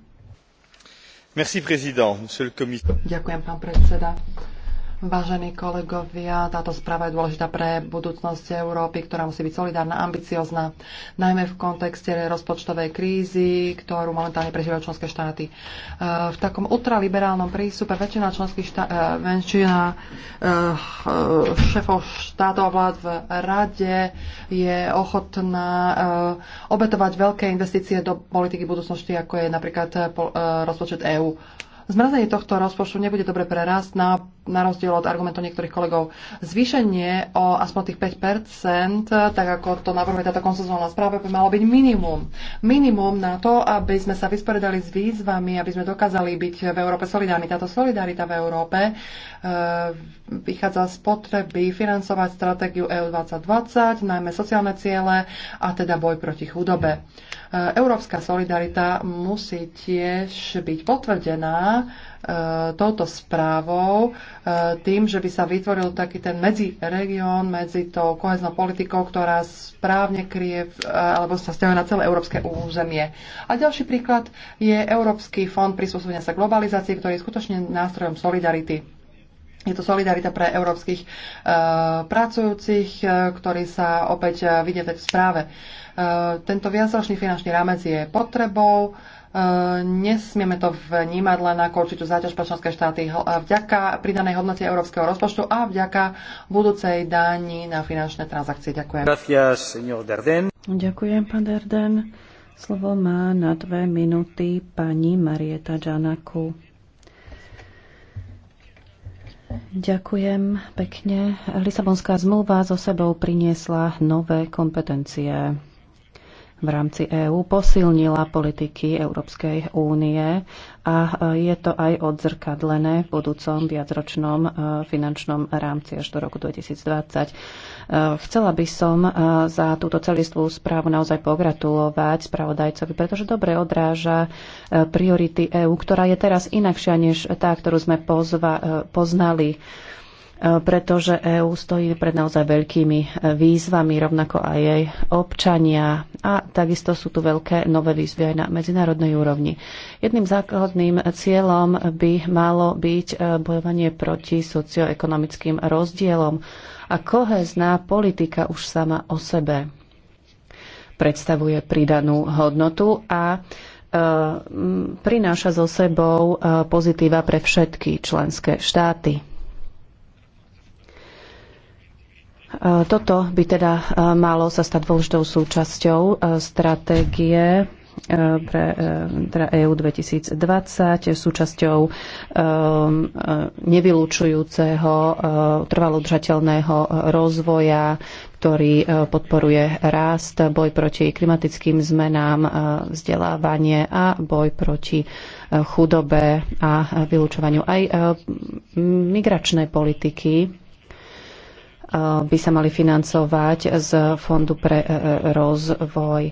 Speaker 3: Merci, président, monsieur le commissaire. Ďakujem,
Speaker 6: pán predseda. Vážení kolegovia, táto správa je dôležitá pre budúcnosť Európy, ktorá musí byť solidárna, ambiciozná, najmä v kontexte rozpočtovej krízy, ktorú momentálne prežívajú členské štáty. E, v takom ultraliberálnom prístupe väčšina členských väčšina e, e, šéfov štátov a vlád v rade je ochotná obetovať veľké investície do politiky budúcnosti, ako je napríklad rozpočet EÚ Zmrazenie tohto rozpočtu nebude dobre pre rast, na, na rozdiel od argumentov niektorých kolegov. Zvýšenie o aspoň tých 5%, tak ako to navrhuje táto konsenzuálna správa, by malo byť minimum. Minimum na to, aby sme sa vysporiadali s výzvami, aby sme dokázali byť v Európe solidárni. Táto solidarita v Európe e, vychádza z potreby financovať stratégiu EU 2020, najmä sociálne ciele a teda boj proti chudobe. Európska solidarita musí tiež byť potvrdená e, touto správou e, tým, že by sa vytvoril taký ten medziregión medzi tou koheznou politikou, ktorá správne kryje e, alebo sa stiahuje na celé európske územie. A ďalší príklad je Európsky fond prispôsobenia sa globalizácii, ktorý je skutočne nástrojom solidarity je to solidarita pre európskych e, pracujúcich, e, ktorí sa opäť eh, vidie v správe. E, tento viacročný finančný rámec je potrebou. Uh, nesmieme to vnímať len ako určitú záťaž pre členské štáty. Vďaka pridanej hodnote európskeho rozpočtu a vďaka budúcej dáni na finančné transakcie. Ďakujem.
Speaker 2: Gracias,
Speaker 6: Ďakujem, pán Darden.
Speaker 5: Slovo má na dve minúty pani Marieta Džanaku. Ďakujem pekne. Lisabonská zmluva so sebou priniesla nové kompetencie v rámci EÚ posilnila politiky Európskej únie a e, je to aj odzrkadlené v budúcom viacročnom e, finančnom rámci až do roku 2020. E, chcela by som za túto celistvú správu naozaj pogratulovať spravodajcovi, pretože dobre odráža priority EÚ, ktorá je teraz inakšia než tá, ktorú sme pozva, poznali pretože EÚ stojí pred naozaj veľkými e, výzvami, rovnako aj jej občania. A takisto sú tu veľké nové výzvy aj na medzinárodnej úrovni. Jedným základným cieľom by malo byť e, bojovanie proti socioekonomickým rozdielom a kohezná politika už sama o sebe predstavuje pridanú hodnotu a e, prináša so sebou pozitíva pre všetky členské štáty. Eh, toto by teda eh, malo sa stať dôležitou súčasťou eh, stratégie pre teda EU 2020 súčasťou ehm, nevylúčujúceho trvalo rozvoja, ktorý podporuje rast, boj proti klimatickým zmenám, vzdelávanie a boj proti chudobe a vylúčovaniu. Aj migračné politiky Eh, by sa mali financovať z Fondu pre eh, eh, rozvoj.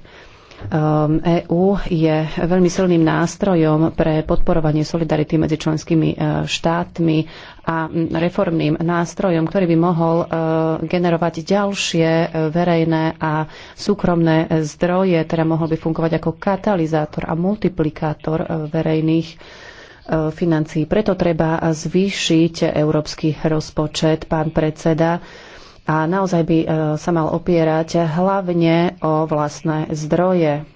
Speaker 5: EÚ ehm, e je veľmi silným nástrojom pre podporovanie solidarity medzi členskými štátmi a hm, reformným nástrojom, ktorý by mohol generovať ďalšie verejné a súkromné zdroje, teda mohol by fungovať ako katalizátor a multiplikátor verejných financií. Preto treba zvýšiť európsky rozpočet, pán predseda a naozaj by e, sa mal opierať hlavne o vlastné zdroje.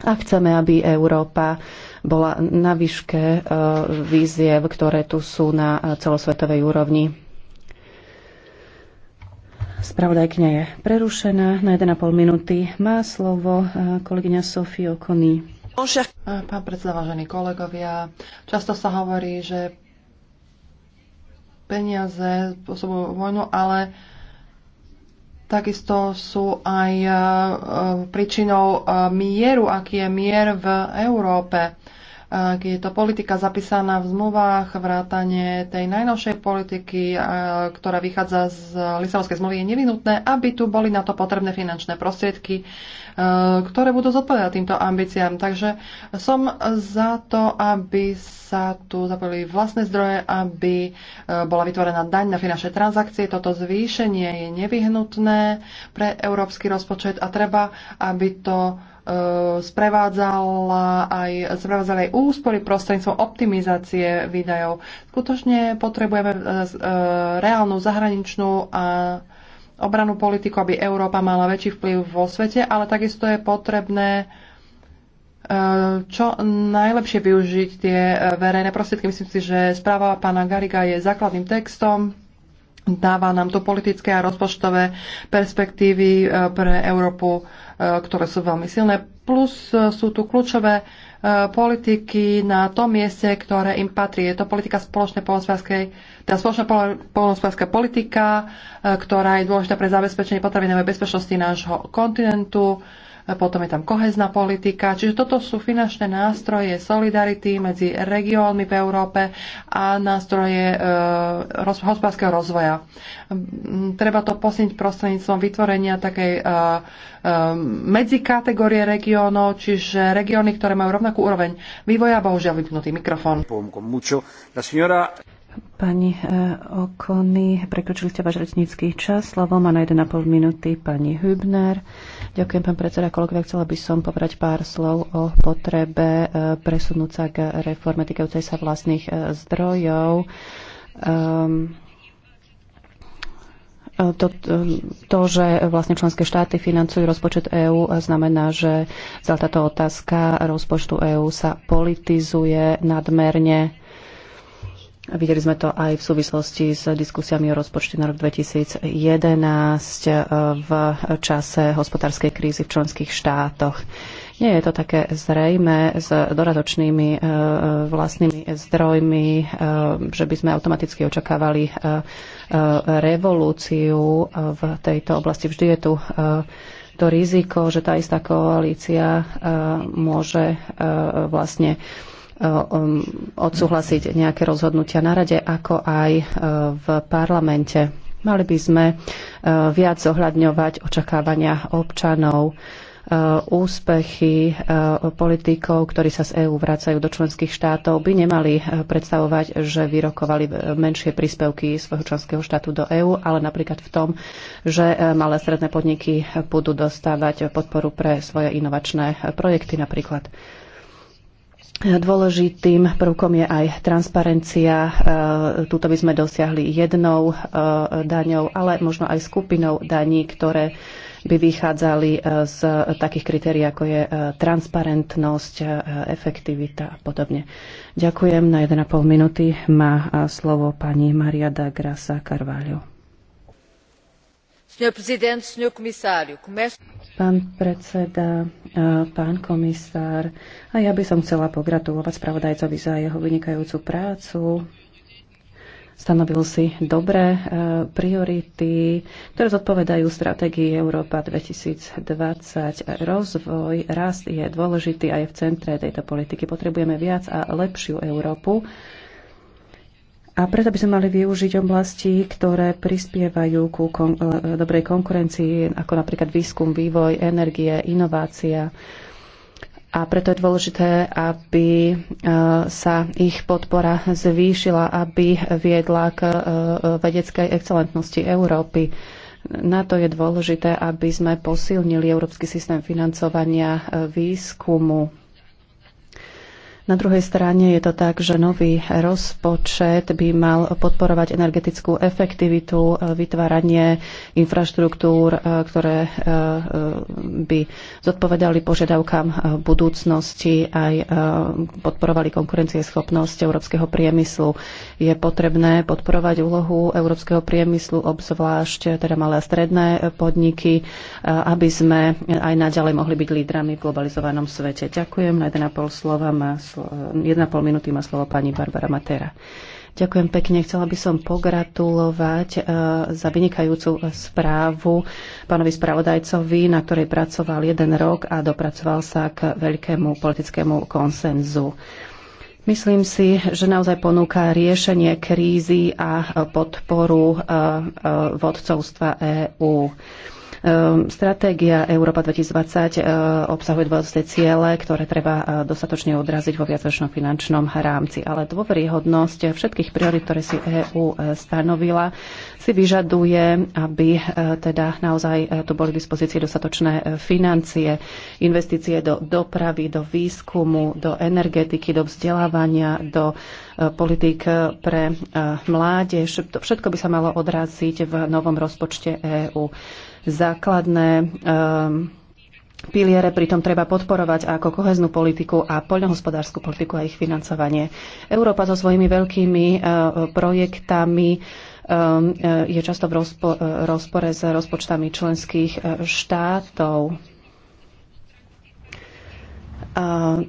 Speaker 5: A chceme, aby Európa bola na výške e, víziev, ktoré tu sú na e, celosvetovej úrovni. Spravodajkňa je prerušená na 1,5 minúty. Má slovo kolegyňa Sofie
Speaker 6: Okony. Pán predseda, vážení kolegovia, často sa hovorí, že peniaze spôsobujú vojnu, ale Takisto sú aj e, e, príčinou e, mieru, aký je mier v Európe je to politika zapísaná v zmluvách, vrátanie tej najnovšej politiky, ktorá vychádza z Lisabonskej zmluvy, je nevinutné, aby tu boli na to potrebné finančné prostriedky, e, ktoré budú zodpovedať týmto ambíciám. Takže som za to, aby sa tu zapojili vlastné zdroje, aby e, bola vytvorená daň na finančné transakcie. Toto zvýšenie je nevyhnutné pre európsky rozpočet a treba, aby to E, sprevádzala aj, sprevádzali aj úspory prostredníctvom optimizácie výdajov. Skutočne potrebujeme e, e, reálnu zahraničnú a obranú politiku, aby Európa mala väčší vplyv vo svete, ale takisto je potrebné čo najlepšie využiť tie verejné prostriedky. Myslím si, že správa pána Gariga je základným textom Dáva nám to politické a rozpočtové perspektívy e, pre Európu, e, ktoré sú veľmi silné. Plus e, sú tu kľúčové politiky na tom mieste, ktoré im patrí. Je to politika spoločnej polnospodárskej, teda spoločná polnospodárska politika, ktorá je dôležitá pre zabezpečenie potravinovej bezpečnosti nášho kontinentu potom je tam kohezná politika, čiže toto sú finančné nástroje solidarity medzi regiónmi v Európe a nástroje e, hospodárskeho rozvoja. Mm, treba to posniť prostredníctvom vytvorenia takej e, e medzi kategórie regiónov, čiže regióny, ktoré majú rovnakú úroveň vývoja, bohužiaľ vypnutý mikrofón.
Speaker 5: Pani e, Okony, prekročili ste váš rečnícky čas, slovo má na 1,5 minúty pani Hübner. Ďakujem, pán predseda. Kolegovia, chcela by som povedať pár slov o potrebe e, presunúť sa k reforme týkajúcej sa vlastných e, zdrojov. Um, to, to, že vlastne členské štáty financujú rozpočet EÚ, znamená, že za táto otázka rozpočtu EÚ sa politizuje nadmerne Videli sme to aj v súvislosti s diskusiami o rozpočte na rok 2011 e, v čase hospodárskej krízy v členských štátoch. Nie je to také zrejme s doradočnými e, vlastnými zdrojmi, e, že by sme automaticky očakávali revolúciu v tejto oblasti. Vždy je tu to riziko, že tá istá koalícia môže vlastne odsúhlasiť nejaké rozhodnutia na rade, ako aj e, v parlamente. Mali by sme e, viac zohľadňovať očakávania občanov, e, úspechy politikov, ktorí sa z EÚ vracajú do členských štátov, by nemali predstavovať, že vyrokovali menšie príspevky svojho členského štátu do EÚ, ale napríklad v tom, že malé stredné podniky budú dostávať podporu pre svoje inovačné projekty napríklad. Dôležitým prvkom je aj transparencia. E, tuto by sme dosiahli jednou e, daňou, ale možno aj skupinou daní, ktoré by vychádzali e, z takých kritérií, ako je transparentnosť, efektivita a podobne. Ďakujem. Na 1,5 minúty má slovo pani Maria da Grasa Carvalho. Pán predseda, pán komisár, a ja by som chcela pogratulovať spravodajcovi za jeho vynikajúcu prácu. Stanovil si dobré priority, ktoré zodpovedajú stratégii Európa 2020. Rozvoj, rast je dôležitý a je v centre tejto politiky. Potrebujeme viac a lepšiu Európu a preto by sme mali využiť oblasti, ktoré prispievajú ku kon- e, dobrej konkurencii, ako napríklad výskum, vývoj, energie, inovácia. A preto je dôležité, aby e, sa ich podpora zvýšila, aby viedla k e, vedeckej excelentnosti Európy. Na to je dôležité, aby sme posilnili európsky systém financovania výskumu na druhej strane je to tak, že nový rozpočet by mal podporovať energetickú efektivitu, e, vytváranie infraštruktúr, e, ktoré e, by zodpovedali požiadavkám budúcnosti aj podporovali konkurencieschopnosť európskeho priemyslu. Je potrebné podporovať úlohu európskeho priemyslu, obzvlášť teda malé a stredné podniky, aby sme aj naďalej mohli byť lídrami v globalizovanom svete. Ďakujem. Na 1,5 slova má slovo 1,5 minúty má slovo pani Barbara Matera. Ďakujem pekne. Chcela by som pogratulovať e, za vynikajúcu správu pánovi spravodajcovi, na ktorej pracoval jeden rok a dopracoval sa k veľkému politickému konsenzu. Myslím si, že naozaj ponúka riešenie krízy a podporu e, e, vodcovstva EÚ. Ehm, stratégia Európa 2020 ehm, obsahuje dôležité ciele, ktoré treba ehm, dostatočne odraziť vo viacročnom finančnom rámci. Ale dôveryhodnosť všetkých priorit, ktoré si EÚ e, stanovila, si vyžaduje, aby e, teda naozaj e, tu boli v dispozícii dostatočné financie, investície do dopravy, do výskumu, do energetiky, do vzdelávania, do politik pre mládež. To všetko by sa malo odraziť v novom rozpočte EÚ základné ehm, piliere pritom treba podporovať ako koheznú politiku a poľnohospodárskú politiku a ich financovanie. Európa so svojimi veľkými eh, projektami ehm, eh, je často v eh, rozpore s rozpočtami členských štátov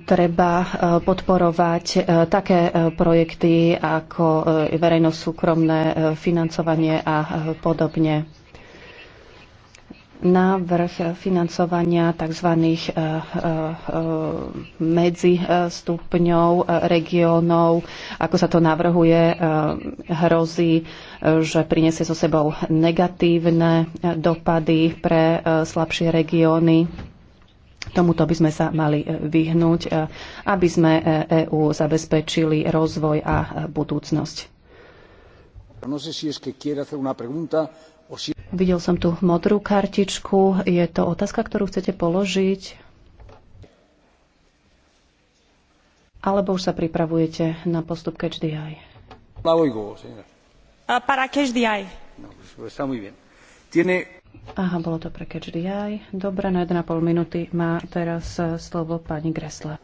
Speaker 5: treba podporovať také projekty ako verejno-súkromné financovanie a podobne návrh financovania tzv. Eh, eh, eh, medzistupňov regiónov, ako sa to navrhuje, hrozí, že prinesie so sebou negatívne dopady pre slabšie regióny. Tomuto by sme sa mali vyhnúť, aby sme EÚ e zabezpečili rozvoj a budúcnosť.
Speaker 3: No sé si es que quiere hacer una pregunta
Speaker 5: Videl som tu modrú kartičku. Je to otázka, ktorú chcete položiť? Alebo už sa pripravujete na postup Catch the Eye?
Speaker 3: La oigo, señora. Ah, para Catch the Eye. No, está muy bien. Tiene
Speaker 5: Aha, bolo to pre Catch the Eye. Dobre, na 1,5 minúty má teraz eh, slovo pani
Speaker 6: Gressler.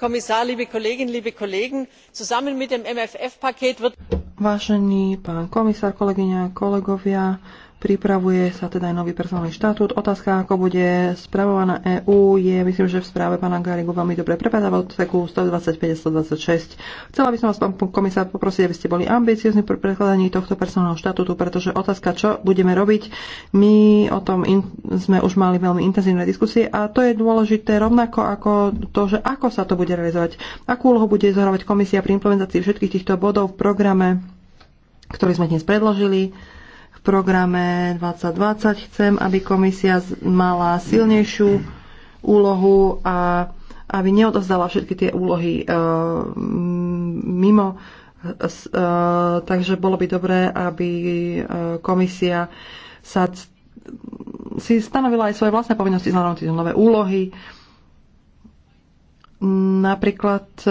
Speaker 4: Komisár, liebe Kolleginnen, liebe Kollegen, zusammen mit dem MFF-Paket wird...
Speaker 6: Vážený pán komisár, kolegyňa, kolegovia, Pripravuje sa teda aj nový personálny štatút. Otázka, ako bude spravovaná EÚ, je, myslím, že v správe pána Garigu veľmi dobre prepadá v odseku 125-126. Chcela by som vás, pán komisár, poprosiť, aby ste boli ambiciozni pri prekladaní tohto personálneho štatútu, pretože otázka, čo budeme robiť, my o tom in- sme už mali veľmi intenzívne diskusie a to je dôležité rovnako ako to, že ako sa to bude realizovať, akú úlohu bude zohrávať komisia pri implementácii všetkých týchto bodov v programe, ktorý sme dnes predložili programe 2020. Chcem, aby komisia mala silnejšiu úlohu a aby neodovzdala všetky tie úlohy e, mimo. E, takže bolo by dobré, aby e, komisia sa si stanovila aj svoje vlastné povinnosti, stanovila nové úlohy, Napríklad e,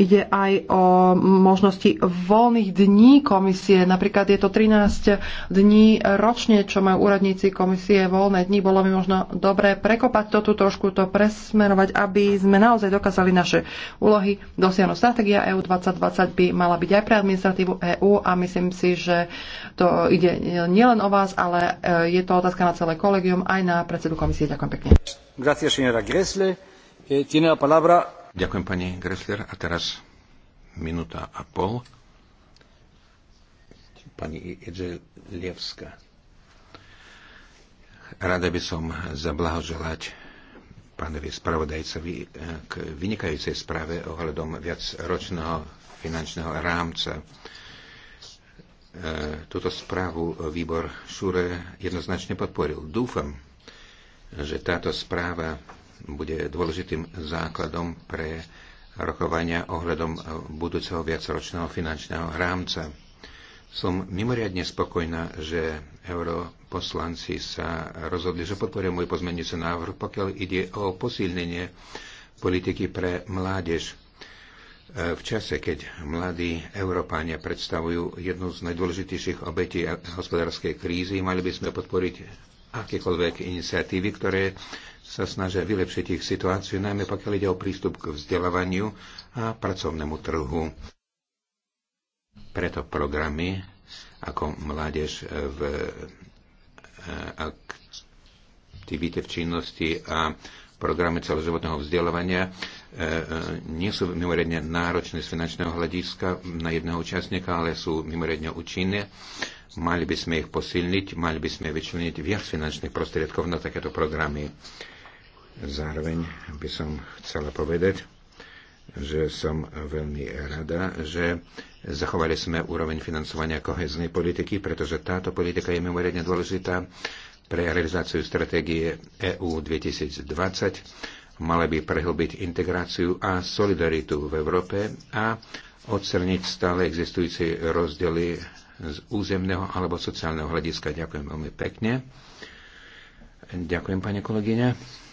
Speaker 6: ide aj o možnosti voľných dní komisie. Napríklad je to 13 dní ročne, čo majú úradníci komisie voľné dní. Bolo by možno dobré prekopať to tu trošku, to presmerovať, aby sme naozaj dokázali naše úlohy dosiahnuť. Stratégia EU 2020 by mala byť aj pre administratívu EÚ a myslím si, že to ide nielen o vás, ale e, je to otázka na celé kolegium aj na predsedu komisie. Ďakujem pekne.
Speaker 3: Grazie, Eh, Ďakujem pani Gressler. A teraz minúta a pol. Pani Jedželievská. Rada by som zablahoželať pánovi spravodajcovi eh, k vynikajúcej správe ohľadom viacročného finančného rámca. Eh, túto správu výbor Šure jednoznačne podporil. Dúfam, že táto správa bude dôležitým základom pre rokovania ohľadom budúceho viacročného finančného rámca. Som mimoriadne spokojná, že europoslanci sa rozhodli, že podporia môj pozmenujúci návrh, pokiaľ ide o posilnenie politiky pre mládež. V čase, keď mladí Európania predstavujú jednu z najdôležitejších obetí hospodárskej krízy, mali by sme podporiť akékoľvek iniciatívy, ktoré sa snažia vylepšiť ich situáciu, najmä pokiaľ ide o prístup k vzdelávaniu a pracovnému trhu. Preto programy ako mládež v e, aktivite v činnosti a programy celoživotného vzdelávania e, e, nie sú mimoriadne náročné z finančného hľadiska na jedného účastníka, ale sú mimoriadne účinné. Mali by sme ich posilniť, mali by sme vyčleniť viac finančných prostriedkov na takéto programy. Zároveň by som chcela povedať, že som veľmi rada, že zachovali sme úroveň financovania koheznej politiky, pretože táto politika je mimoriadne dôležitá pre realizáciu stratégie EU 2020. Mala by prehlbiť integráciu a solidaritu v Európe a odstrniť stále existujúce rozdiely z územného alebo sociálneho hľadiska. Ďakujem veľmi pekne. Ďakujem, pani kolegyňa.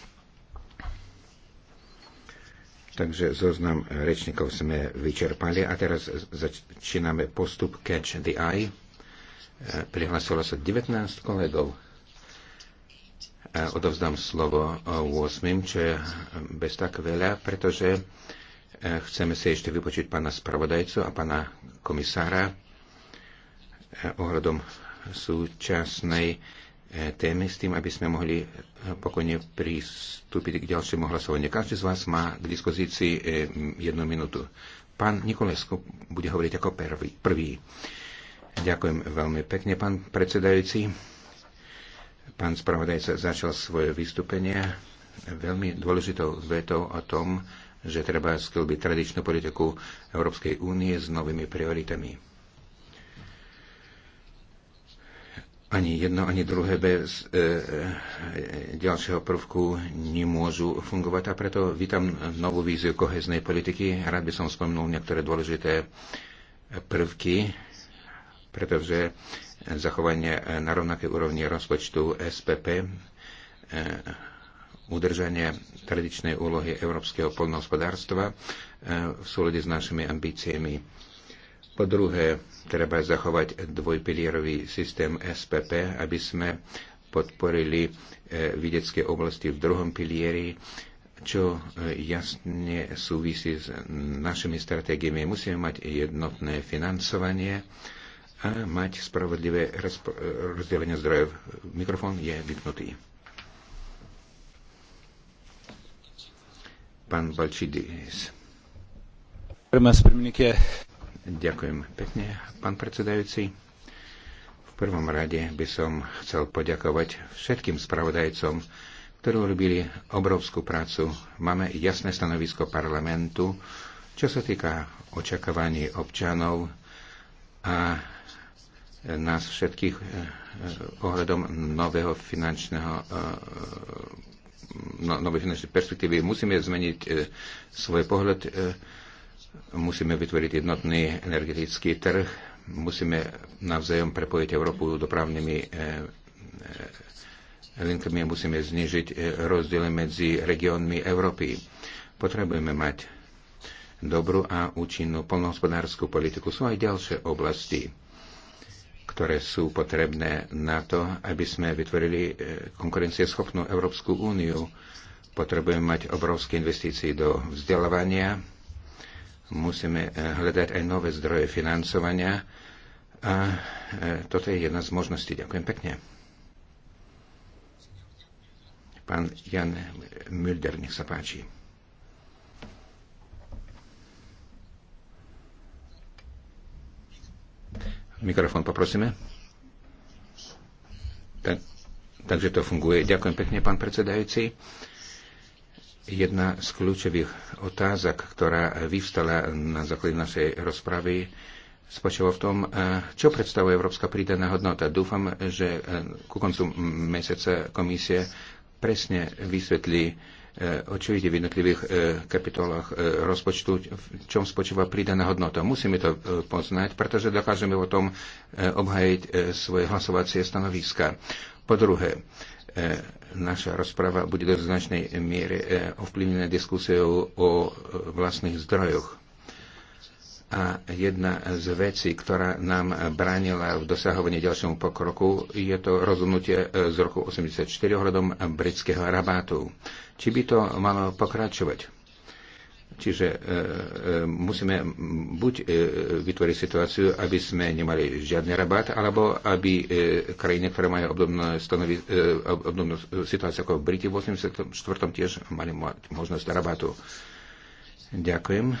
Speaker 3: Takže zoznam rečníkov sme vyčerpali a teraz začíname postup Catch the Eye. E, Prihlasilo sa 19 kolegov. E, odovzdám slovo o 8, čo je bez tak veľa, pretože e, chceme si ešte vypočiť pána spravodajcu a pána komisára ohľadom súčasnej E, témy s tým, aby sme mohli e, pokojne pristúpiť k ďalšiemu hlasovaniu. Každý z vás má k dispozícii e, jednu minútu. Pán Nikolesko bude hovoriť ako prvý. Ďakujem veľmi pekne, pán predsedajúci. Pán spravodajca začal svoje vystúpenie veľmi dôležitou vetou o tom, že treba sklbiť tradičnú politiku Európskej únie s novými prioritami ani jedno, ani druhé bez e, e, ďalšieho prvku nemôžu fungovať a preto vítam novú víziu koheznej politiky. Rád by som spomenul niektoré dôležité prvky, pretože zachovanie na rovnakej úrovni rozpočtu SPP, e, udržanie tradičnej úlohy európskeho polnohospodárstva e, v súlede s našimi ambíciami po druhé, treba zachovať dvojpilierový systém SPP, aby sme podporili e, vidiecké oblasti v druhom pilieri, čo e, jasne súvisí s našimi stratégiami. Musíme mať jednotné financovanie a mať spravodlivé e, rozdelenie zdrojov. Mikrofón je vypnutý. Pán Balčidis. Pirmas Ďakujem pekne, pán predsedajúci. V prvom rade by som chcel poďakovať všetkým spravodajcom, ktorí robili obrovskú prácu. Máme jasné stanovisko parlamentu, čo sa týka očakávaní občanov a nás všetkých eh, eh, ohľadom nového finančného eh, no, nové finančné perspektívy. Musíme zmeniť svoj pohľad Musíme vytvoriť jednotný energetický trh, musíme navzájom prepojiť Európu dopravnými eh, eh, linkami a musíme znižiť eh, rozdiely medzi regiónmi Európy. Potrebujeme mať dobrú a účinnú polnohospodárskú politiku. Sú aj ďalšie oblasti, ktoré sú potrebné na to, aby sme vytvorili konkurencieschopnú Európsku úniu. Potrebujeme mať obrovské investície do vzdelávania, Musíme eh, hľadať aj nové zdroje financovania a eh, toto je jedna z možností. Ďakujem pekne. Pán Jan Mulder, nech sa páči. Mikrofón poprosíme. Tak, takže to funguje. Ďakujem pekne, pán predsedajúci. Jedna z kľúčových otázok, ktorá vyvstala na základe našej rozpravy, spočíva v tom, eh, čo predstavuje európska prídaná hodnota. Dúfam, že eh, ku koncu mesiaca komisie presne vysvetlí, eh, o čo ide v jednotlivých kapitolách rozpočtu, v čom spočíva pridaná hodnota. Musíme to poznať, pretože dokážeme o tom obhajiť svoje hlasovacie stanoviska. Po druhé, naša rozprava bude do značnej miery e, ovplyvnená diskusiou o e, vlastných zdrojoch. A jedna z vecí, ktorá nám bránila v dosahovaní ďalšieho pokroku, je to rozhodnutie e, z roku 1984 ohľadom britského rabátu. Či by to malo pokračovať? Čiže e, e, musíme buď e, vytvoriť situáciu, aby sme nemali žiadny rabat, alebo aby e, krajiny, ktoré majú obdobnú, stanovi, e, obdobnú situáciu ako v Briti v 84. tiež mali mať možnosť rabatu. Ďakujem.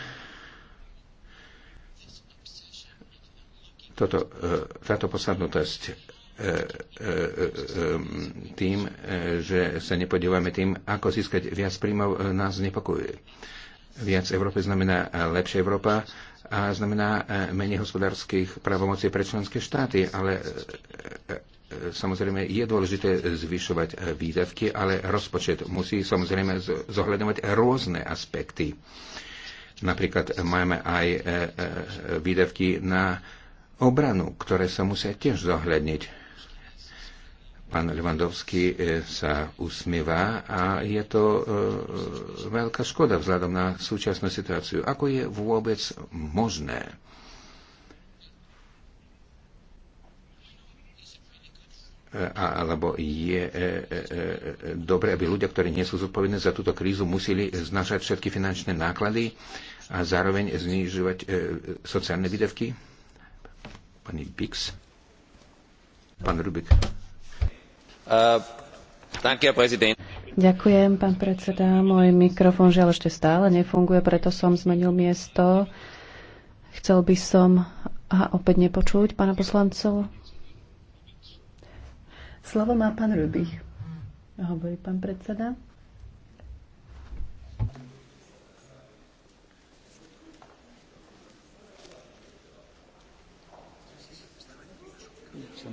Speaker 3: Toto, e, táto posadnutosť e, e, tým, že sa nepodívame tým, ako získať viac príjmov, nás znepokojuje. Viac Európy znamená e, lepšia Európa a znamená e, menej hospodárskych právomocí pre členské štáty, ale e, samozrejme je dôležité zvyšovať výdavky, ale rozpočet musí samozrejme zohľadňovať rôzne aspekty. Napríklad máme aj výdavky na obranu, ktoré sa musia tiež zohľadniť Pán Levandovský e, sa usmievá a je to e, veľká škoda vzhľadom na súčasnú situáciu. Ako je vôbec možné? E, alebo je e, e, e, dobre, aby ľudia, ktorí nie sú zodpovední za túto krízu, museli znašať všetky finančné náklady a zároveň znižovať sociálne výdavky? Pani Bix? Pán Rubik.
Speaker 5: Ďakujem, pán predseda. Môj mikrofón žiaľ ešte stále nefunguje, preto som zmenil miesto. Chcel by som... Aha, opäť nepočuť pána poslancov. Slovo má pán Rubich, hovorí pán predseda.
Speaker 1: Som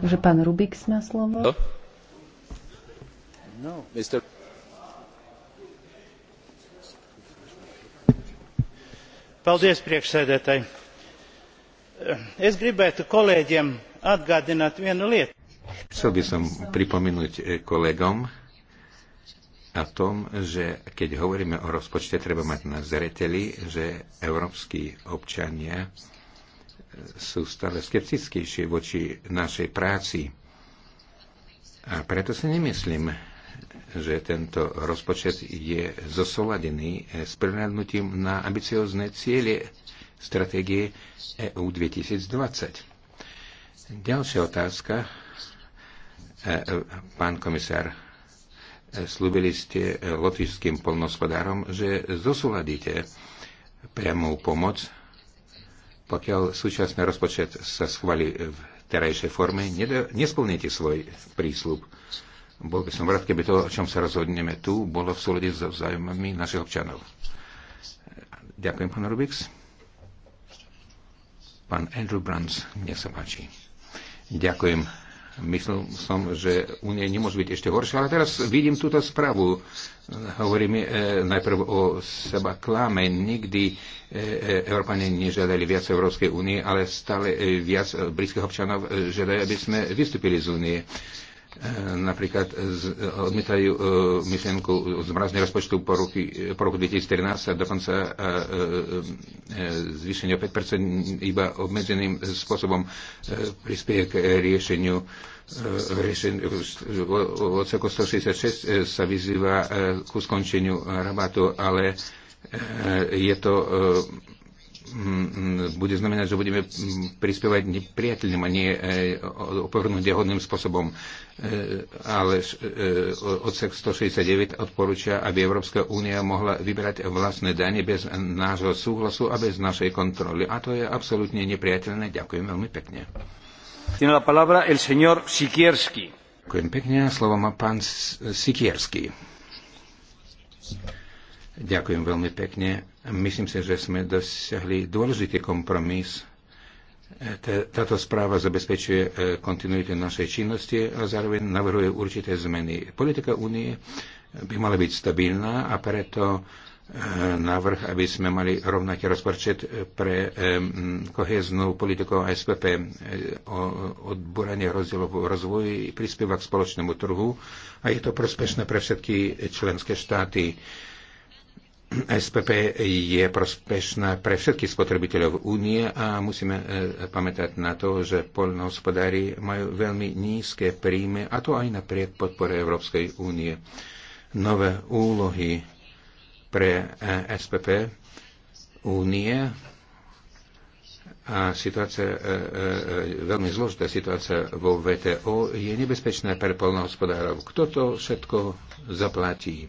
Speaker 1: Takže
Speaker 5: pán Rubik má slovo.
Speaker 2: No. Mister... Paldies, priekšsēdētāji. Es gribētu kolēģiem atgādināt vienu lietu.
Speaker 3: Chcel by som pripomenúť eh, kolegom o tom, že keď hovoríme o rozpočte, treba mať na zreteli, že európsky občania sú stále skeptickejšie voči našej práci. A preto si nemyslím, že tento rozpočet je zosoladený s prihľadnutím na ambiciozne ciele stratégie EU 2020. Ďalšia otázka. E, e, pán komisár, slúbili ste lotišským polnospodárom, že zosúladíte priamú pomoc pokiaľ súčasný rozpočet sa schváli v terajšej forme, nesplníte svoj prísľub. Bol by som rád, keby to, o čom sa rozhodneme tu, bolo v súlade so vzájomami našich občanov. Ďakujem, pán Rubix. Pán Andrew Bruns, nech sa páči. Ďakujem Myslel som, že nej nemôže byť ešte horšie, ale teraz vidím túto správu. Hovoríme e, najprv o seba kláme. Nikdy e, e, Európane nežiadali viac Európskej únie, ale stále e, viac britských občanov e, žiadajú, aby sme vystúpili z únie. E, E, napríklad z, odmietajú e, myšlienku zmrazne rozpočtu po, ruky, e, po roku 2014 a dokonca zvýšenie o 5% iba obmedzeným spôsobom prispieje k riešeniu v odseku 166 sa vyzýva ku skončeniu rabatu, ale je to Mm, mm, bude znamenať, že budeme prispievať nepriateľným a nie e, opovrhnúť dehodným spôsobom. E, ale e, odsek 169 odporúča, aby Európska únia mohla vyberať vlastné dane bez nášho súhlasu a bez našej kontroly. A to je absolútne nepriateľné. Ďakujem veľmi pekne. Tiene la palabra el señor Sikierski. Ďakujem pekne. Slovo má pán Sikierski. Ďakujem veľmi pekne Myslím si, že sme dosiahli dôležitý kompromis. E, táto správa zabezpečuje e, kontinuitu našej činnosti a zároveň navrhuje určité zmeny. Politika únie by mala byť stabilná a preto e, návrh, aby sme mali rovnaký rozpočet pre koheznú politiku SPP o odboranie rozdielov v rozvoji prispieva k spoločnému trhu a je to prospešné pre všetky členské štáty. SPP je prospešná pre všetkých spotrebiteľov únie a musíme e, pamätať na to, že poľnohospodári majú veľmi nízke príjmy a to aj napriek podpore Európskej únie. Nové úlohy pre e, SPP únie a situácia, e, veľmi zložitá situácia vo VTO je nebezpečná pre polnohospodárov. Kto to všetko zaplatí?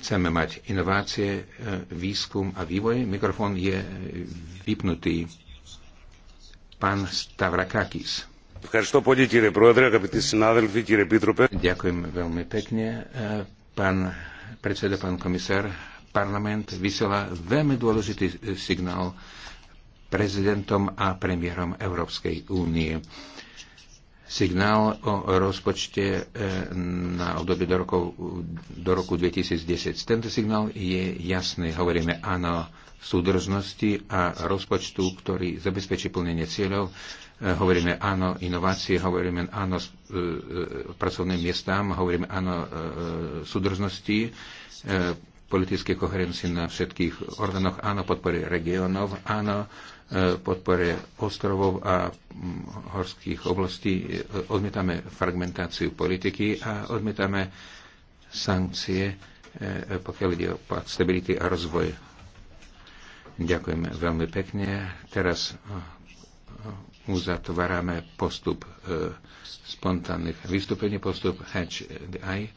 Speaker 3: Chceme mať inovácie, e, výskum a vývoj. Mikrofón je e, vypnutý. Pán Stavrakakis. Ďakujem veľmi pekne. E, pán predseda, pán komisár, parlament vysiela veľmi dôležitý signál prezidentom a premiérom Európskej únie signál o rozpočte e, na obdobie do, rokov, do roku 2010. Tento signál je jasný. Hovoríme áno súdržnosti a rozpočtu, ktorý zabezpečí plnenie cieľov. E, hovoríme áno inovácie, hovoríme áno e, pracovným miestám, hovoríme áno súdržnosti, politické koherencie na všetkých orgánoch, áno podpory regionov, áno podpore ostrovov a mm, horských oblastí, odmietame fragmentáciu politiky a odmietame sankcie, e, pokiaľ ide o pad stability a rozvoj. Ďakujem veľmi pekne. Teraz e, uzatvárame postup e, spontánnych vystúpení, postup HDI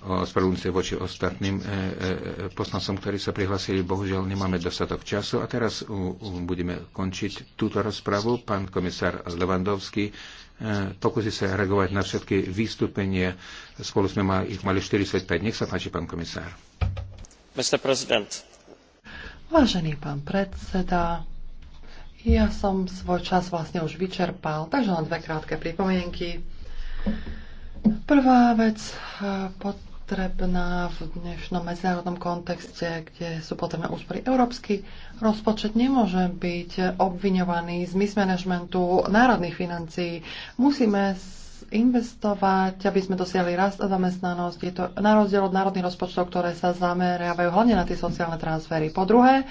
Speaker 3: ospravedlňujem sa voči ostatným e, e, e, poslancom, ktorí sa prihlasili. Bohužiaľ, nemáme dostatok času a teraz budeme končiť túto rozpravu. Pán komisár Levandovský pokusí sa reagovať na všetky vystúpenie. Spolu sme mali, ich mali 45. Nech sa páči, pán komisár. Mr. President.
Speaker 6: Vážený pán predseda, ja som svoj čas vlastne už vyčerpal, takže len dve krátke pripomienky. Prvá vec eh, potrebná v dnešnom medzinárodnom kontexte, kde sú potrebné úspory. Európsky rozpočet nemôže byť obviňovaný z mismanagementu národných financií. Musíme investovať, aby sme dosiahli rast a zamestnanosť. Je to na rozdiel od národných rozpočtov, ktoré sa zameriavajú hlavne na tie sociálne transfery. Po druhé,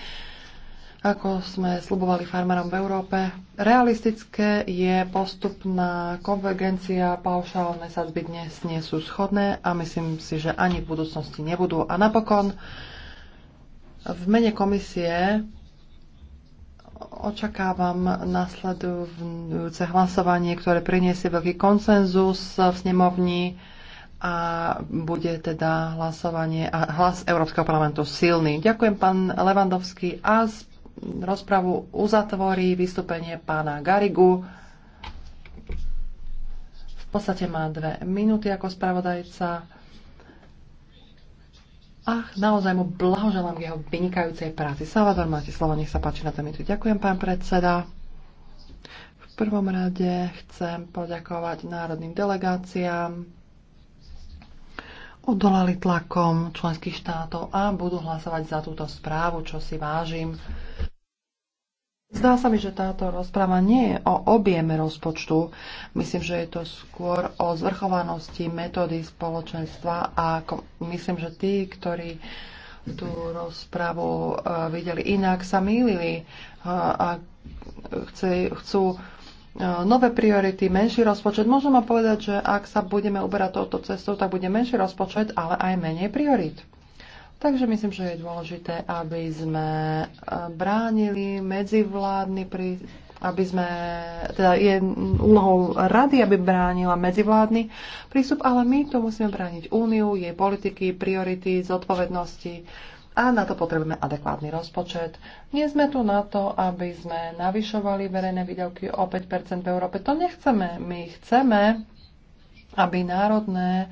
Speaker 6: ako sme slubovali farmárom v Európe. Realistické je postupná konvergencia, paušálne sadzby dnes nie sú schodné a myslím si, že ani v budúcnosti nebudú. A napokon v mene komisie očakávam nasledujúce hlasovanie, ktoré priniesie veľký konsenzus v snemovni a bude teda hlasovanie a hlas Európskeho parlamentu silný. Ďakujem pán Levandovský a rozpravu uzatvorí vystúpenie pána Garigu. V podstate má dve minúty ako spravodajca. Ach, naozaj mu blahoželám k jeho vynikajúcej práci. Salvador, máte slovo, nech sa páči na tému. Ďakujem, pán predseda. V prvom rade chcem poďakovať národným delegáciám, odolali tlakom členských štátov a budú hlasovať za túto správu, čo si vážim. Zdá sa mi, že táto rozpráva nie je o objeme rozpočtu. Myslím, že je to skôr o zvrchovanosti metódy spoločenstva a myslím, že tí, ktorí tú rozprávu e, videli inak, sa mýlili e, a chcú e, nové priority, menší rozpočet. Môžem vám povedať, že ak sa budeme uberať touto cestou, tak bude menší rozpočet, ale aj menej priorit. Takže myslím, že je dôležité, aby sme eh, bránili medzivládny pri aby sme, teda je úlohou rady, aby bránila medzivládny prístup, ale my tu musíme brániť úniu, jej politiky, priority, zodpovednosti a na to potrebujeme adekvátny rozpočet. Nie sme tu na to, aby sme navyšovali verejné výdavky o 5% v Európe. To nechceme. My chceme, aby národné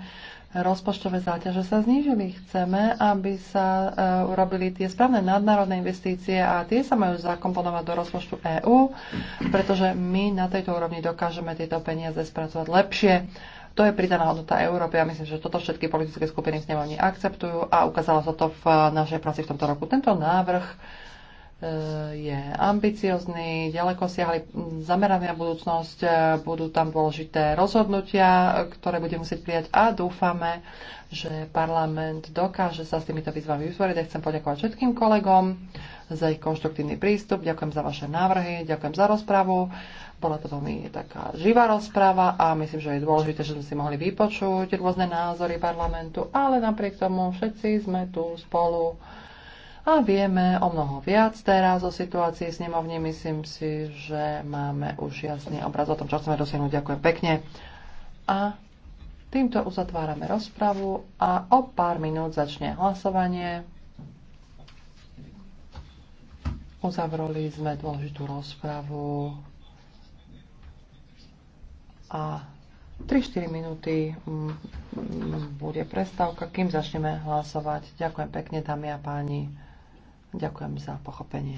Speaker 6: rozpočtové záťaže sa znížili. Chceme, aby sa e, urobili tie správne nadnárodné investície a tie sa majú zakomponovať do rozpočtu EÚ, pretože my na tejto úrovni dokážeme tieto peniaze spracovať lepšie. To je pridaná hodnota Európy a myslím, že toto všetky politické skupiny v snemovni akceptujú a ukázalo sa to v e, našej práci v tomto roku. Tento návrh Eh, je ambiciozný, ďaleko siahli zameraný na budúcnosť, eh, budú tam dôležité rozhodnutia, ktoré bude musieť prijať a dúfame, že parlament dokáže sa s týmito výzvami vysporiadať. Chcem poďakovať všetkým kolegom za ich konštruktívny prístup, ďakujem za vaše návrhy, ďakujem za rozpravu. Bola to veľmi taká živá rozprava a myslím, že je dôležité, že sme si mohli vypočuť rôzne názory parlamentu, ale napriek tomu všetci sme tu spolu a vieme o mnoho viac teraz o situácii s nemovní. Myslím si, že máme už jasný obraz o tom, čo chceme dosiahnuť. Ďakujem pekne. A týmto uzatvárame rozpravu a o pár minút začne hlasovanie. Uzavroli sme dôležitú rozpravu a 3-4 minúty mm, mm, bude prestávka, kým začneme hlasovať. Ďakujem pekne,
Speaker 4: dámy a páni. Ďakujem za pochopenie.